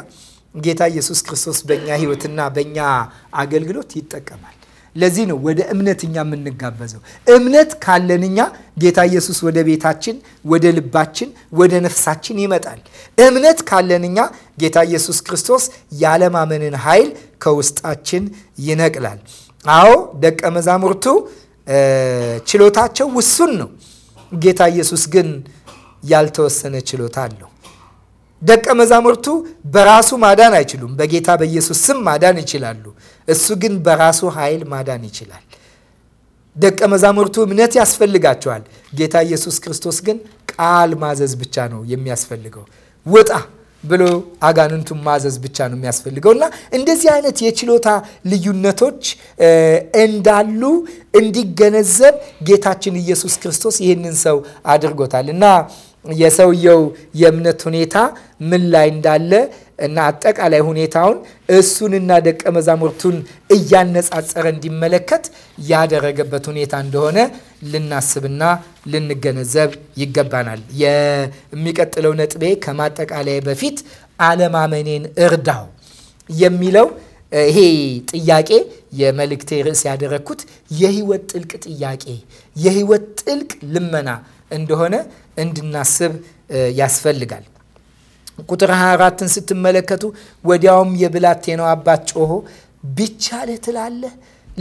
ጌታ ኢየሱስ ክርስቶስ በእኛ ህይወትና በእኛ አገልግሎት ይጠቀማል። ለዚህ ነው ወደ እምነት እኛ የምንጋበዘው። እምነት ካለን እኛ ጌታ ኢየሱስ ወደ ቤታችን፣ ወደ ልባችን፣ ወደ ነፍሳችን ይመጣል። እምነት ካለን እኛ ጌታ ኢየሱስ ክርስቶስ ያለማመንን ኃይል ከውስጣችን ይነቅላል። አዎ ደቀ መዛሙርቱ ችሎታቸው ውሱን ነው። ጌታ ኢየሱስ ግን ያልተወሰነ ችሎታ አለው። ደቀ መዛሙርቱ በራሱ ማዳን አይችሉም። በጌታ በኢየሱስ ስም ማዳን ይችላሉ። እሱ ግን በራሱ ኃይል ማዳን ይችላል። ደቀ መዛሙርቱ እምነት ያስፈልጋቸዋል። ጌታ ኢየሱስ ክርስቶስ ግን ቃል ማዘዝ ብቻ ነው የሚያስፈልገው። ውጣ ብሎ አጋንንቱን ማዘዝ ብቻ ነው የሚያስፈልገው እና እንደዚህ አይነት የችሎታ ልዩነቶች እንዳሉ እንዲገነዘብ ጌታችን ኢየሱስ ክርስቶስ ይህንን ሰው አድርጎታል እና የሰውየው የእምነት ሁኔታ ምን ላይ እንዳለ እና አጠቃላይ ሁኔታውን እሱንና ደቀ መዛሙርቱን እያነጻጸረ እንዲመለከት ያደረገበት ሁኔታ እንደሆነ ልናስብና ልንገነዘብ ይገባናል። የሚቀጥለው ነጥቤ ከማጠቃለያ በፊት አለማመኔን እርዳው የሚለው ይሄ ጥያቄ የመልእክቴ ርዕስ ያደረግኩት የህይወት ጥልቅ ጥያቄ የህይወት ጥልቅ ልመና እንደሆነ እንድናስብ ያስፈልጋል። ቁጥር 24ን ስትመለከቱ ወዲያውም የብላቴናው አባት ጮሆ ቢቻለ ትላለህ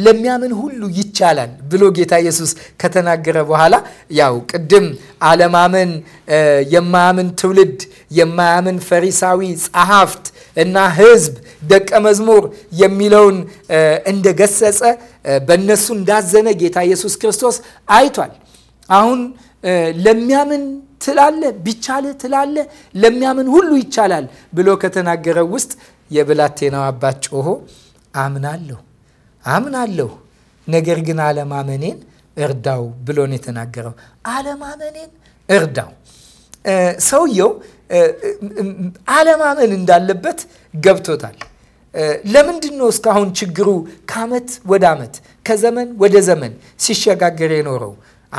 ለሚያምን ሁሉ ይቻላል ብሎ ጌታ ኢየሱስ ከተናገረ በኋላ ያው ቅድም አለማመን፣ የማያምን ትውልድ፣ የማያምን ፈሪሳዊ ጸሐፍት እና ሕዝብ ደቀ መዝሙር የሚለውን እንደገሰጸ በእነሱ እንዳዘነ ጌታ ኢየሱስ ክርስቶስ አይቷል። አሁን ለሚያምን ትላለ ቢቻለ ትላለ ለሚያምን ሁሉ ይቻላል ብሎ ከተናገረው ውስጥ የብላቴናው አባት ጮሆ አምናለሁ አምናለሁ ነገር ግን አለማመኔን እርዳው ብሎ ነው የተናገረው። አለማመኔን እርዳው። ሰውየው አለማመን እንዳለበት ገብቶታል። ለምንድን ነው እስካሁን ችግሩ ከአመት ወደ አመት ከዘመን ወደ ዘመን ሲሸጋገር የኖረው?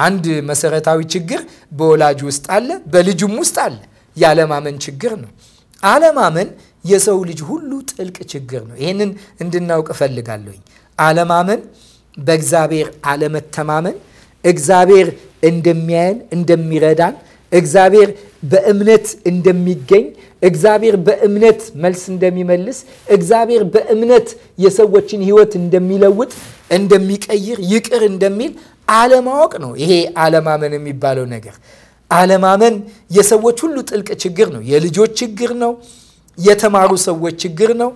አንድ መሰረታዊ ችግር በወላጅ ውስጥ አለ፣ በልጁም ውስጥ አለ። ያለማመን ችግር ነው። አለማመን የሰው ልጅ ሁሉ ጥልቅ ችግር ነው። ይህንን እንድናውቅ እፈልጋለሁኝ። አለማመን፣ በእግዚአብሔር አለመተማመን፣ እግዚአብሔር እንደሚያየን እንደሚረዳን፣ እግዚአብሔር በእምነት እንደሚገኝ፣ እግዚአብሔር በእምነት መልስ እንደሚመልስ፣ እግዚአብሔር በእምነት የሰዎችን ሕይወት እንደሚለውጥ እንደሚቀይር፣ ይቅር እንደሚል አለማወቅ ነው። ይሄ አለማመን የሚባለው ነገር አለማመን የሰዎች ሁሉ ጥልቅ ችግር ነው። የልጆች ችግር ነው። የተማሩ ሰዎች ችግር ነው።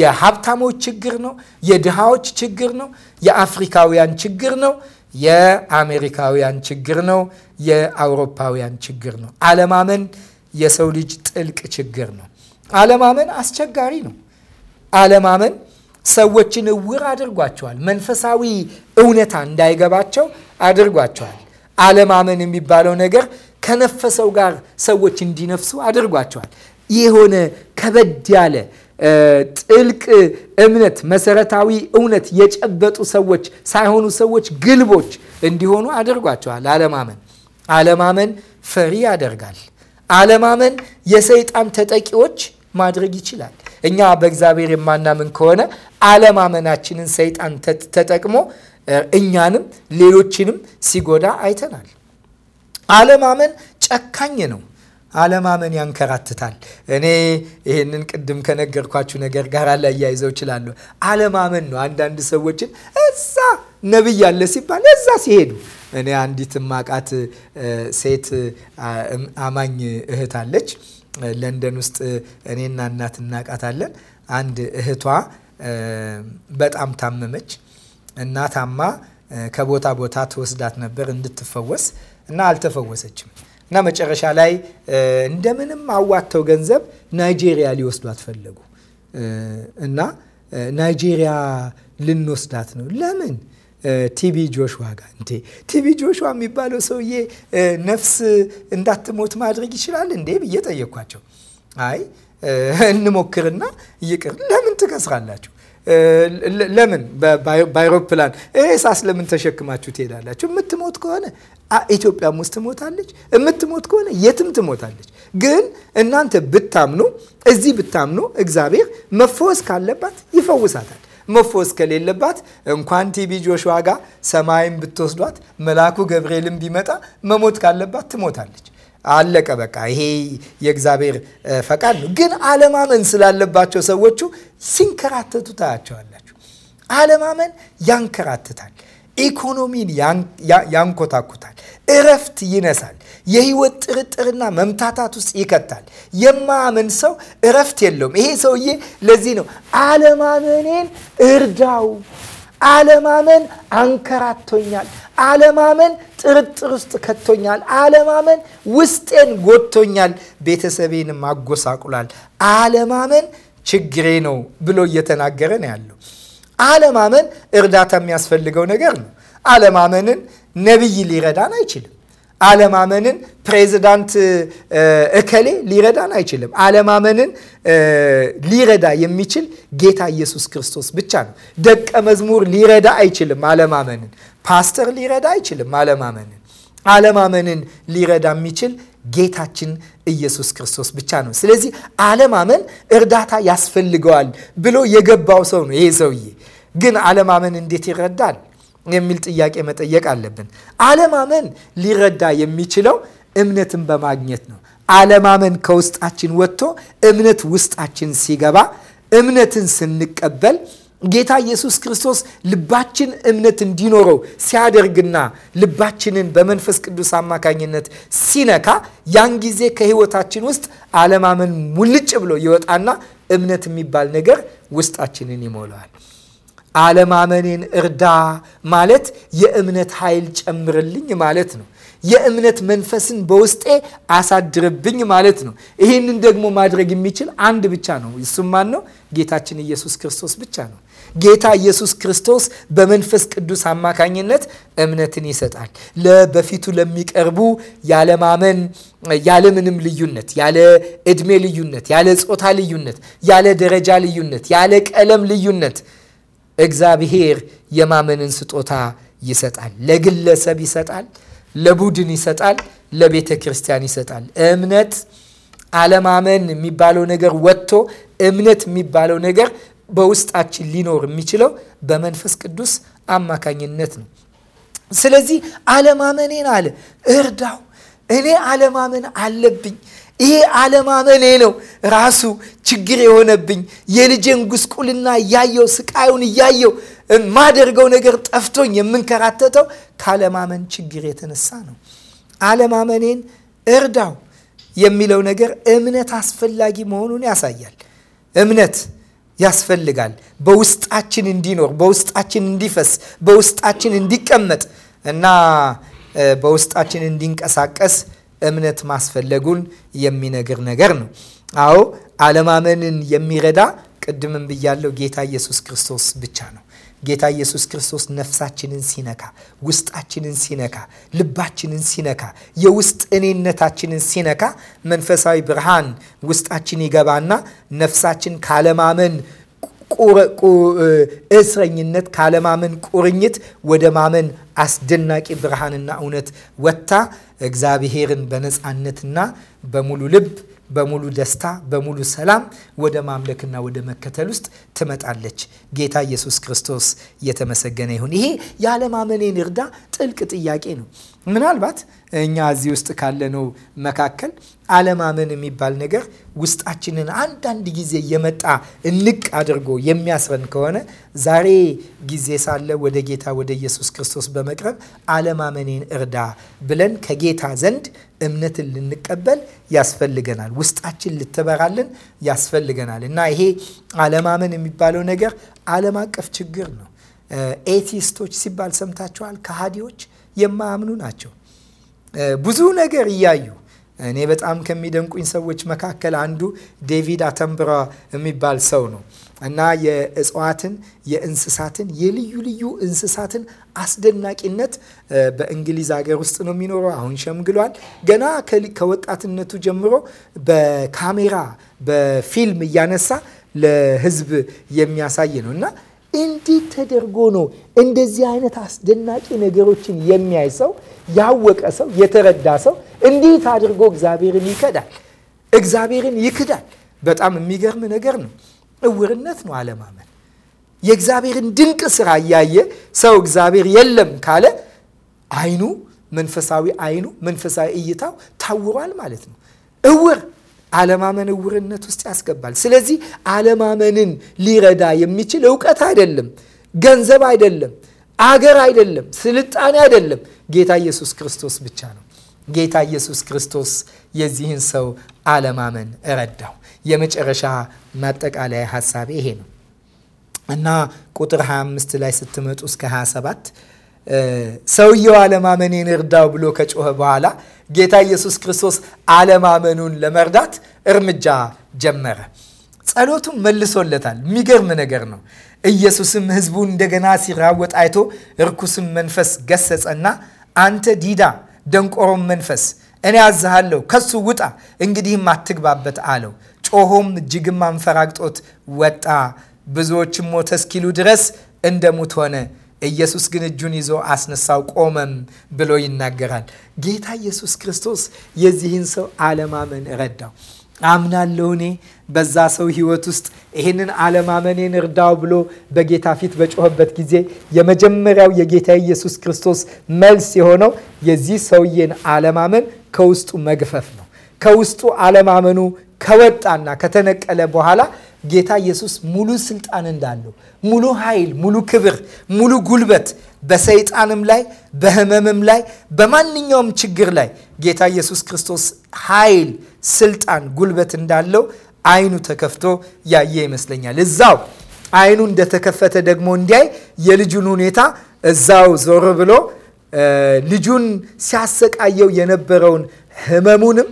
የሀብታሞች ችግር ነው። የድሃዎች ችግር ነው። የአፍሪካውያን ችግር ነው። የአሜሪካውያን ችግር ነው። የአውሮፓውያን ችግር ነው። አለማመን የሰው ልጅ ጥልቅ ችግር ነው። አለማመን አስቸጋሪ ነው። አለማመን ሰዎችን እውር አድርጓቸዋል። መንፈሳዊ እውነታ እንዳይገባቸው አድርጓቸዋል። አለማመን የሚባለው ነገር ከነፈሰው ጋር ሰዎች እንዲነፍሱ አድርጓቸዋል። የሆነ ከበድ ያለ ጥልቅ እምነት መሰረታዊ እውነት የጨበጡ ሰዎች ሳይሆኑ ሰዎች ግልቦች እንዲሆኑ አድርጓቸዋል። አለማመን አለማመን ፈሪ ያደርጋል። አለማመን የሰይጣን ተጠቂዎች ማድረግ ይችላል። እኛ በእግዚአብሔር የማናምን ከሆነ አለማመናችንን ሰይጣን ተጠቅሞ እኛንም ሌሎችንም ሲጎዳ አይተናል። አለማመን ጨካኝ ነው። አለማመን ያንከራትታል። እኔ ይህንን ቅድም ከነገርኳችሁ ነገር ጋር ላያይዘው እችላለሁ። አለማመን ነው አንዳንድ ሰዎችን እዛ ነቢይ አለ ሲባል እዛ ሲሄዱ እኔ አንዲት ማቃት ሴት አማኝ እህት አለች ለንደን ውስጥ እኔና እናት እናቃታለን። አንድ እህቷ በጣም ታመመች እናታማ ከቦታ ቦታ ትወስዳት ነበር እንድትፈወስ እና አልተፈወሰችም እና መጨረሻ ላይ እንደምንም አዋጥተው ገንዘብ ናይጄሪያ ሊወስዷት ፈለጉ እና ናይጄሪያ ልንወስዳት ነው ለምን ቲቢ ጆሹዋ ጋር እንዴ ቲቢ ጆሹዋ የሚባለው ሰውዬ ነፍስ እንዳትሞት ማድረግ ይችላል እንዴ ብዬ ጠየኳቸው። አይ እንሞክርና ይቅር፣ ለምን ትከስራላችሁ? ለምን በአይሮፕላን ሬሳስ ለምን ተሸክማችሁ ትሄዳላችሁ? የምትሞት ከሆነ ኢትዮጵያም ውስጥ ትሞታለች፣ የምትሞት ከሆነ የትም ትሞታለች። ግን እናንተ ብታምኑ፣ እዚህ ብታምኑ፣ እግዚአብሔር መፈወስ ካለባት ይፈውሳታል። መፎዝ ከሌለባት እንኳን ቲቢ ጆሹዋ ጋር ሰማይም ብትወስዷት መልአኩ ገብርኤልም ቢመጣ መሞት ካለባት ትሞታለች። አለቀ በቃ ይሄ የእግዚአብሔር ፈቃድ ነው። ግን አለማመን ስላለባቸው ሰዎቹ ሲንከራተቱ ታያቸዋላችሁ። አለማመን ያንከራትታል፣ ኢኮኖሚን ያንኮታኩታል፣ እረፍት ይነሳል፣ የህይወት ጥርጥርና መምታታት ውስጥ ይከታል። የማያምን ሰው እረፍት የለውም። ይሄ ሰውዬ ለዚህ ነው አለማመኔን እርዳው። አለማመን አንከራቶኛል። አለማመን ጥርጥር ውስጥ ከቶኛል። አለማመን ውስጤን ጎቶኛል፣ ቤተሰቤንም አጎሳቁሏል። አለማመን ችግሬ ነው ብሎ እየተናገረ ነው ያለው። አለማመን እርዳታ የሚያስፈልገው ነገር ነው። አለማመንን ነቢይ ሊረዳን አይችልም። አለማመንን ፕሬዚዳንት እከሌ ሊረዳን አይችልም። አለማመንን ሊረዳ የሚችል ጌታ ኢየሱስ ክርስቶስ ብቻ ነው። ደቀ መዝሙር ሊረዳ አይችልም አለማመንን። ፓስተር ሊረዳ አይችልም አለማመንን። አለማመንን ሊረዳ የሚችል ጌታችን ኢየሱስ ክርስቶስ ብቻ ነው። ስለዚህ አለማመን እርዳታ ያስፈልገዋል ብሎ የገባው ሰው ነው ይሄ ሰውዬ። ግን አለማመን እንዴት ይረዳል? የሚል ጥያቄ መጠየቅ አለብን። አለማመን ሊረዳ የሚችለው እምነትን በማግኘት ነው። አለማመን ከውስጣችን ወጥቶ እምነት ውስጣችን ሲገባ እምነትን ስንቀበል ጌታ ኢየሱስ ክርስቶስ ልባችን እምነት እንዲኖረው ሲያደርግና ልባችንን በመንፈስ ቅዱስ አማካኝነት ሲነካ ያን ጊዜ ከህይወታችን ውስጥ አለማመን ሙልጭ ብሎ ይወጣና እምነት የሚባል ነገር ውስጣችንን ይሞላዋል። አለማመኔን እርዳ ማለት የእምነት ኃይል ጨምርልኝ ማለት ነው። የእምነት መንፈስን በውስጤ አሳድርብኝ ማለት ነው። ይህንን ደግሞ ማድረግ የሚችል አንድ ብቻ ነው። እሱም ማን ነው? ጌታችን ኢየሱስ ክርስቶስ ብቻ ነው። ጌታ ኢየሱስ ክርስቶስ በመንፈስ ቅዱስ አማካኝነት እምነትን ይሰጣል። በፊቱ ለሚቀርቡ ያለማመን፣ ያለምንም ልዩነት፣ ያለ ዕድሜ ልዩነት፣ ያለ ጾታ ልዩነት፣ ያለ ደረጃ ልዩነት፣ ያለ ቀለም ልዩነት እግዚአብሔር የማመንን ስጦታ ይሰጣል። ለግለሰብ ይሰጣል፣ ለቡድን ይሰጣል፣ ለቤተ ክርስቲያን ይሰጣል። እምነት አለማመን የሚባለው ነገር ወጥቶ እምነት የሚባለው ነገር በውስጣችን ሊኖር የሚችለው በመንፈስ ቅዱስ አማካኝነት ነው። ስለዚህ አለማመኔን አለ እርዳው። እኔ አለማመን አለብኝ ይሄ አለማመኔ ነው ራሱ ችግር የሆነብኝ። የልጄን ጉስቁልና እያየው ስቃዩን እያየው ማደርገው ነገር ጠፍቶኝ የምንከራተተው ካለማመን ችግር የተነሳ ነው። አለማመኔን እርዳው የሚለው ነገር እምነት አስፈላጊ መሆኑን ያሳያል። እምነት ያስፈልጋል በውስጣችን እንዲኖር፣ በውስጣችን እንዲፈስ፣ በውስጣችን እንዲቀመጥ እና በውስጣችን እንዲንቀሳቀስ እምነት ማስፈለጉን የሚነግር ነገር ነው። አዎ አለማመንን የሚረዳ ቅድምም ብያለው ጌታ ኢየሱስ ክርስቶስ ብቻ ነው። ጌታ ኢየሱስ ክርስቶስ ነፍሳችንን ሲነካ፣ ውስጣችንን ሲነካ፣ ልባችንን ሲነካ፣ የውስጥ እኔነታችንን ሲነካ መንፈሳዊ ብርሃን ውስጣችን ይገባና ነፍሳችን ካለማመን እስረኝነት ካለማመን ቁርኝት ወደ ማመን አስደናቂ ብርሃንና እውነት ወጥታ እግዚአብሔርን በነፃነትና በሙሉ ልብ፣ በሙሉ ደስታ፣ በሙሉ ሰላም ወደ ማምለክና ወደ መከተል ውስጥ ትመጣለች። ጌታ ኢየሱስ ክርስቶስ የተመሰገነ ይሁን። ይሄ ያለማመኔን እርዳ ጥልቅ ጥያቄ ነው። ምናልባት እኛ እዚህ ውስጥ ካለነው መካከል አለማመን የሚባል ነገር ውስጣችንን አንዳንድ ጊዜ የመጣ እንቅ አድርጎ የሚያስረን ከሆነ ዛሬ ጊዜ ሳለ ወደ ጌታ ወደ ኢየሱስ ክርስቶስ በመቅረብ አለማመኔን እርዳ ብለን ከጌታ ዘንድ እምነትን ልንቀበል ያስፈልገናል። ውስጣችን ልትበራልን ያስፈልገናል እና ይሄ አለማመን የሚባለው ነገር ዓለም አቀፍ ችግር ነው። ኤቲስቶች ሲባል ሰምታችኋል። ከሃዲዎች የማያምኑ ናቸው ብዙ ነገር እያዩ እኔ በጣም ከሚደንቁኝ ሰዎች መካከል አንዱ ዴቪድ አተምብራ የሚባል ሰው ነው እና የእጽዋትን፣ የእንስሳትን፣ የልዩ ልዩ እንስሳትን አስደናቂነት በእንግሊዝ ሀገር ውስጥ ነው የሚኖረው። አሁን ሸምግሏል። ገና ከወጣትነቱ ጀምሮ በካሜራ በፊልም እያነሳ ለሕዝብ የሚያሳይ ነው እና እንዲህ ተደርጎ ነው እንደዚህ አይነት አስደናቂ ነገሮችን የሚያይ ሰው ያወቀ ሰው የተረዳ ሰው እንዴት አድርጎ እግዚአብሔርን ይከዳል? እግዚአብሔርን ይክዳል። በጣም የሚገርም ነገር ነው። እውርነት ነው አለማመን። የእግዚአብሔርን ድንቅ ስራ እያየ ሰው እግዚአብሔር የለም ካለ አይኑ፣ መንፈሳዊ አይኑ፣ መንፈሳዊ እይታው ታውሯል ማለት ነው። እውር አለማመን እውርነት ውስጥ ያስገባል። ስለዚህ አለማመንን ሊረዳ የሚችል እውቀት አይደለም፣ ገንዘብ አይደለም አገር አይደለም፣ ስልጣኔ አይደለም፣ ጌታ ኢየሱስ ክርስቶስ ብቻ ነው። ጌታ ኢየሱስ ክርስቶስ የዚህን ሰው አለማመን እረዳው የመጨረሻ ማጠቃለያ ሀሳብ ይሄ ነው እና ቁጥር 25 ላይ ስትመጡ እስከ 27 ሰውየው አለማመኔን እርዳው ብሎ ከጮኸ በኋላ ጌታ ኢየሱስ ክርስቶስ አለማመኑን ለመርዳት እርምጃ ጀመረ። ጸሎቱ መልሶለታል። የሚገርም ነገር ነው። ኢየሱስም ህዝቡ እንደገና ሲራወጥ አይቶ እርኩስም መንፈስ ገሰጸና፣ አንተ ዲዳ ደንቆሮም መንፈስ እኔ አዝሃለሁ፣ ከሱ ውጣ፣ እንግዲህም አትግባበት አለው። ጮሆም እጅግም አንፈራግጦት ወጣ። ብዙዎችም ሞተ እስኪሉ ድረስ እንደ ሙት ሆነ። ኢየሱስ ግን እጁን ይዞ አስነሳው፣ ቆመም ብሎ ይናገራል። ጌታ ኢየሱስ ክርስቶስ የዚህን ሰው አለማመን ረዳው። አምናለሁ እኔ በዛ ሰው ህይወት ውስጥ ይህንን አለማመኔን እርዳው ብሎ በጌታ ፊት በጮኸበት ጊዜ የመጀመሪያው የጌታ ኢየሱስ ክርስቶስ መልስ የሆነው የዚህ ሰውዬን አለማመን ከውስጡ መግፈፍ ነው። ከውስጡ አለማመኑ ከወጣና ከተነቀለ በኋላ ጌታ ኢየሱስ ሙሉ ስልጣን እንዳለው፣ ሙሉ ኃይል፣ ሙሉ ክብር፣ ሙሉ ጉልበት በሰይጣንም ላይ በህመምም ላይ በማንኛውም ችግር ላይ ጌታ ኢየሱስ ክርስቶስ ኃይል፣ ስልጣን፣ ጉልበት እንዳለው አይኑ ተከፍቶ ያየ ይመስለኛል። እዛው አይኑ እንደተከፈተ ደግሞ እንዲያይ የልጁን ሁኔታ እዛው ዞር ብሎ ልጁን ሲያሰቃየው የነበረውን ህመሙንም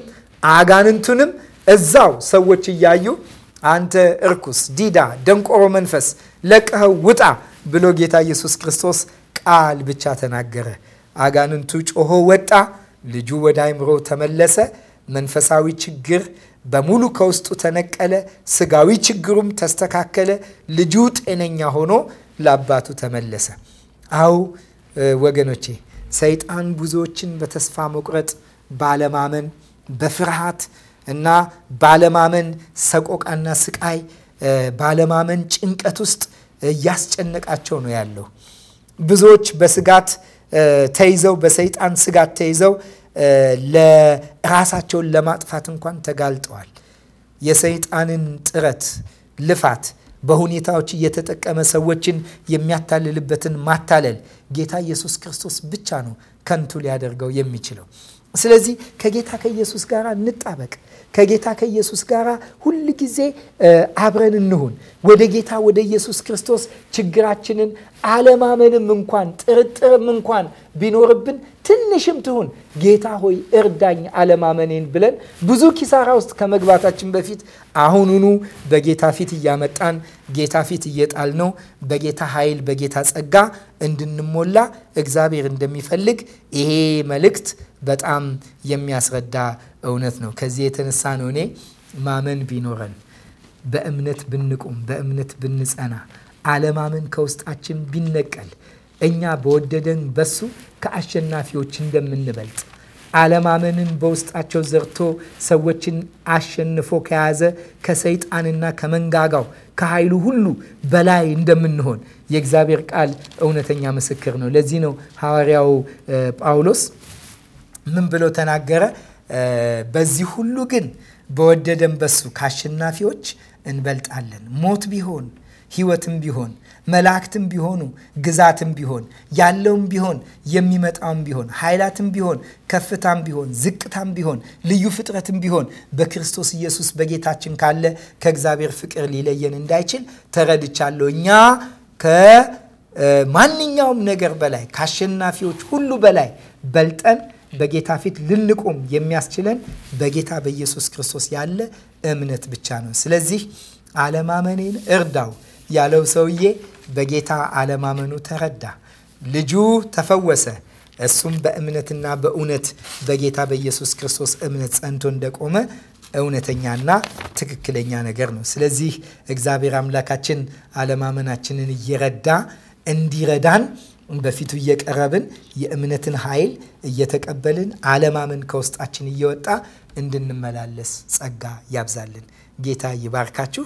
አጋንንቱንም እዛው ሰዎች እያዩ አንተ እርኩስ ዲዳ፣ ደንቆሮ መንፈስ ለቀኸው ውጣ ብሎ ጌታ ኢየሱስ ክርስቶስ ቃል ብቻ ተናገረ። አጋንንቱ ጮሆ ወጣ። ልጁ ወደ አይምሮ ተመለሰ። መንፈሳዊ ችግር በሙሉ ከውስጡ ተነቀለ። ስጋዊ ችግሩም ተስተካከለ። ልጁ ጤነኛ ሆኖ ለአባቱ ተመለሰ። አው ወገኖቼ፣ ሰይጣን ብዙዎችን በተስፋ መቁረጥ፣ ባለማመን፣ በፍርሃት እና ባለማመን ሰቆቃና ስቃይ፣ ባለማመን ጭንቀት ውስጥ እያስጨነቃቸው ነው ያለው። ብዙዎች በስጋት ተይዘው በሰይጣን ስጋት ተይዘው ለራሳቸውን ለማጥፋት እንኳን ተጋልጠዋል። የሰይጣንን ጥረት፣ ልፋት በሁኔታዎች እየተጠቀመ ሰዎችን የሚያታልልበትን ማታለል ጌታ ኢየሱስ ክርስቶስ ብቻ ነው ከንቱ ሊያደርገው የሚችለው። ስለዚህ ከጌታ ከኢየሱስ ጋር እንጣበቅ። ከጌታ ከኢየሱስ ጋር ሁል ጊዜ አብረን እንሁን። ወደ ጌታ ወደ ኢየሱስ ክርስቶስ ችግራችንን አለማመንም እንኳን ጥርጥርም እንኳን ቢኖርብን ትንሽም ትሁን ጌታ ሆይ እርዳኝ አለማመኔን ብለን ብዙ ኪሳራ ውስጥ ከመግባታችን በፊት አሁኑኑ በጌታ ፊት እያመጣን ጌታ ፊት እየጣል ነው በጌታ ኃይል በጌታ ጸጋ እንድንሞላ እግዚአብሔር እንደሚፈልግ ይሄ መልእክት በጣም የሚያስረዳ እውነት ነው። ከዚህ የተነሳ ነው እኔ ማመን ቢኖረን በእምነት ብንቁም በእምነት ብንጸና አለማመን ከውስጣችን ቢነቀል እኛ በወደደን በሱ ከአሸናፊዎች እንደምንበልጥ አለማመንን በውስጣቸው ዘርቶ ሰዎችን አሸንፎ ከያዘ ከሰይጣንና ከመንጋጋው ከኃይሉ ሁሉ በላይ እንደምንሆን የእግዚአብሔር ቃል እውነተኛ ምስክር ነው። ለዚህ ነው ሐዋርያው ጳውሎስ ምን ብሎ ተናገረ? በዚህ ሁሉ ግን በወደደን በሱ ከአሸናፊዎች እንበልጣለን። ሞት ቢሆን ህይወትም ቢሆን መላእክትም ቢሆኑ ግዛትም ቢሆን ያለውም ቢሆን የሚመጣውም ቢሆን ኃይላትም ቢሆን ከፍታም ቢሆን ዝቅታም ቢሆን ልዩ ፍጥረትም ቢሆን በክርስቶስ ኢየሱስ በጌታችን ካለ ከእግዚአብሔር ፍቅር ሊለየን እንዳይችል ተረድቻለሁ። እኛ ከማንኛውም ነገር በላይ ከአሸናፊዎች ሁሉ በላይ በልጠን በጌታ ፊት ልንቆም የሚያስችለን በጌታ በኢየሱስ ክርስቶስ ያለ እምነት ብቻ ነው። ስለዚህ አለማመኔን እርዳው ያለው ሰውዬ በጌታ አለማመኑ ተረዳ። ልጁ ተፈወሰ። እሱም በእምነትና በእውነት በጌታ በኢየሱስ ክርስቶስ እምነት ጸንቶ እንደቆመ እውነተኛና ትክክለኛ ነገር ነው። ስለዚህ እግዚአብሔር አምላካችን አለማመናችንን እየረዳ እንዲረዳን በፊቱ እየቀረብን የእምነትን ኃይል እየተቀበልን አለማመን ከውስጣችን እየወጣ እንድንመላለስ ጸጋ ያብዛልን። ጌታ ይባርካችሁ።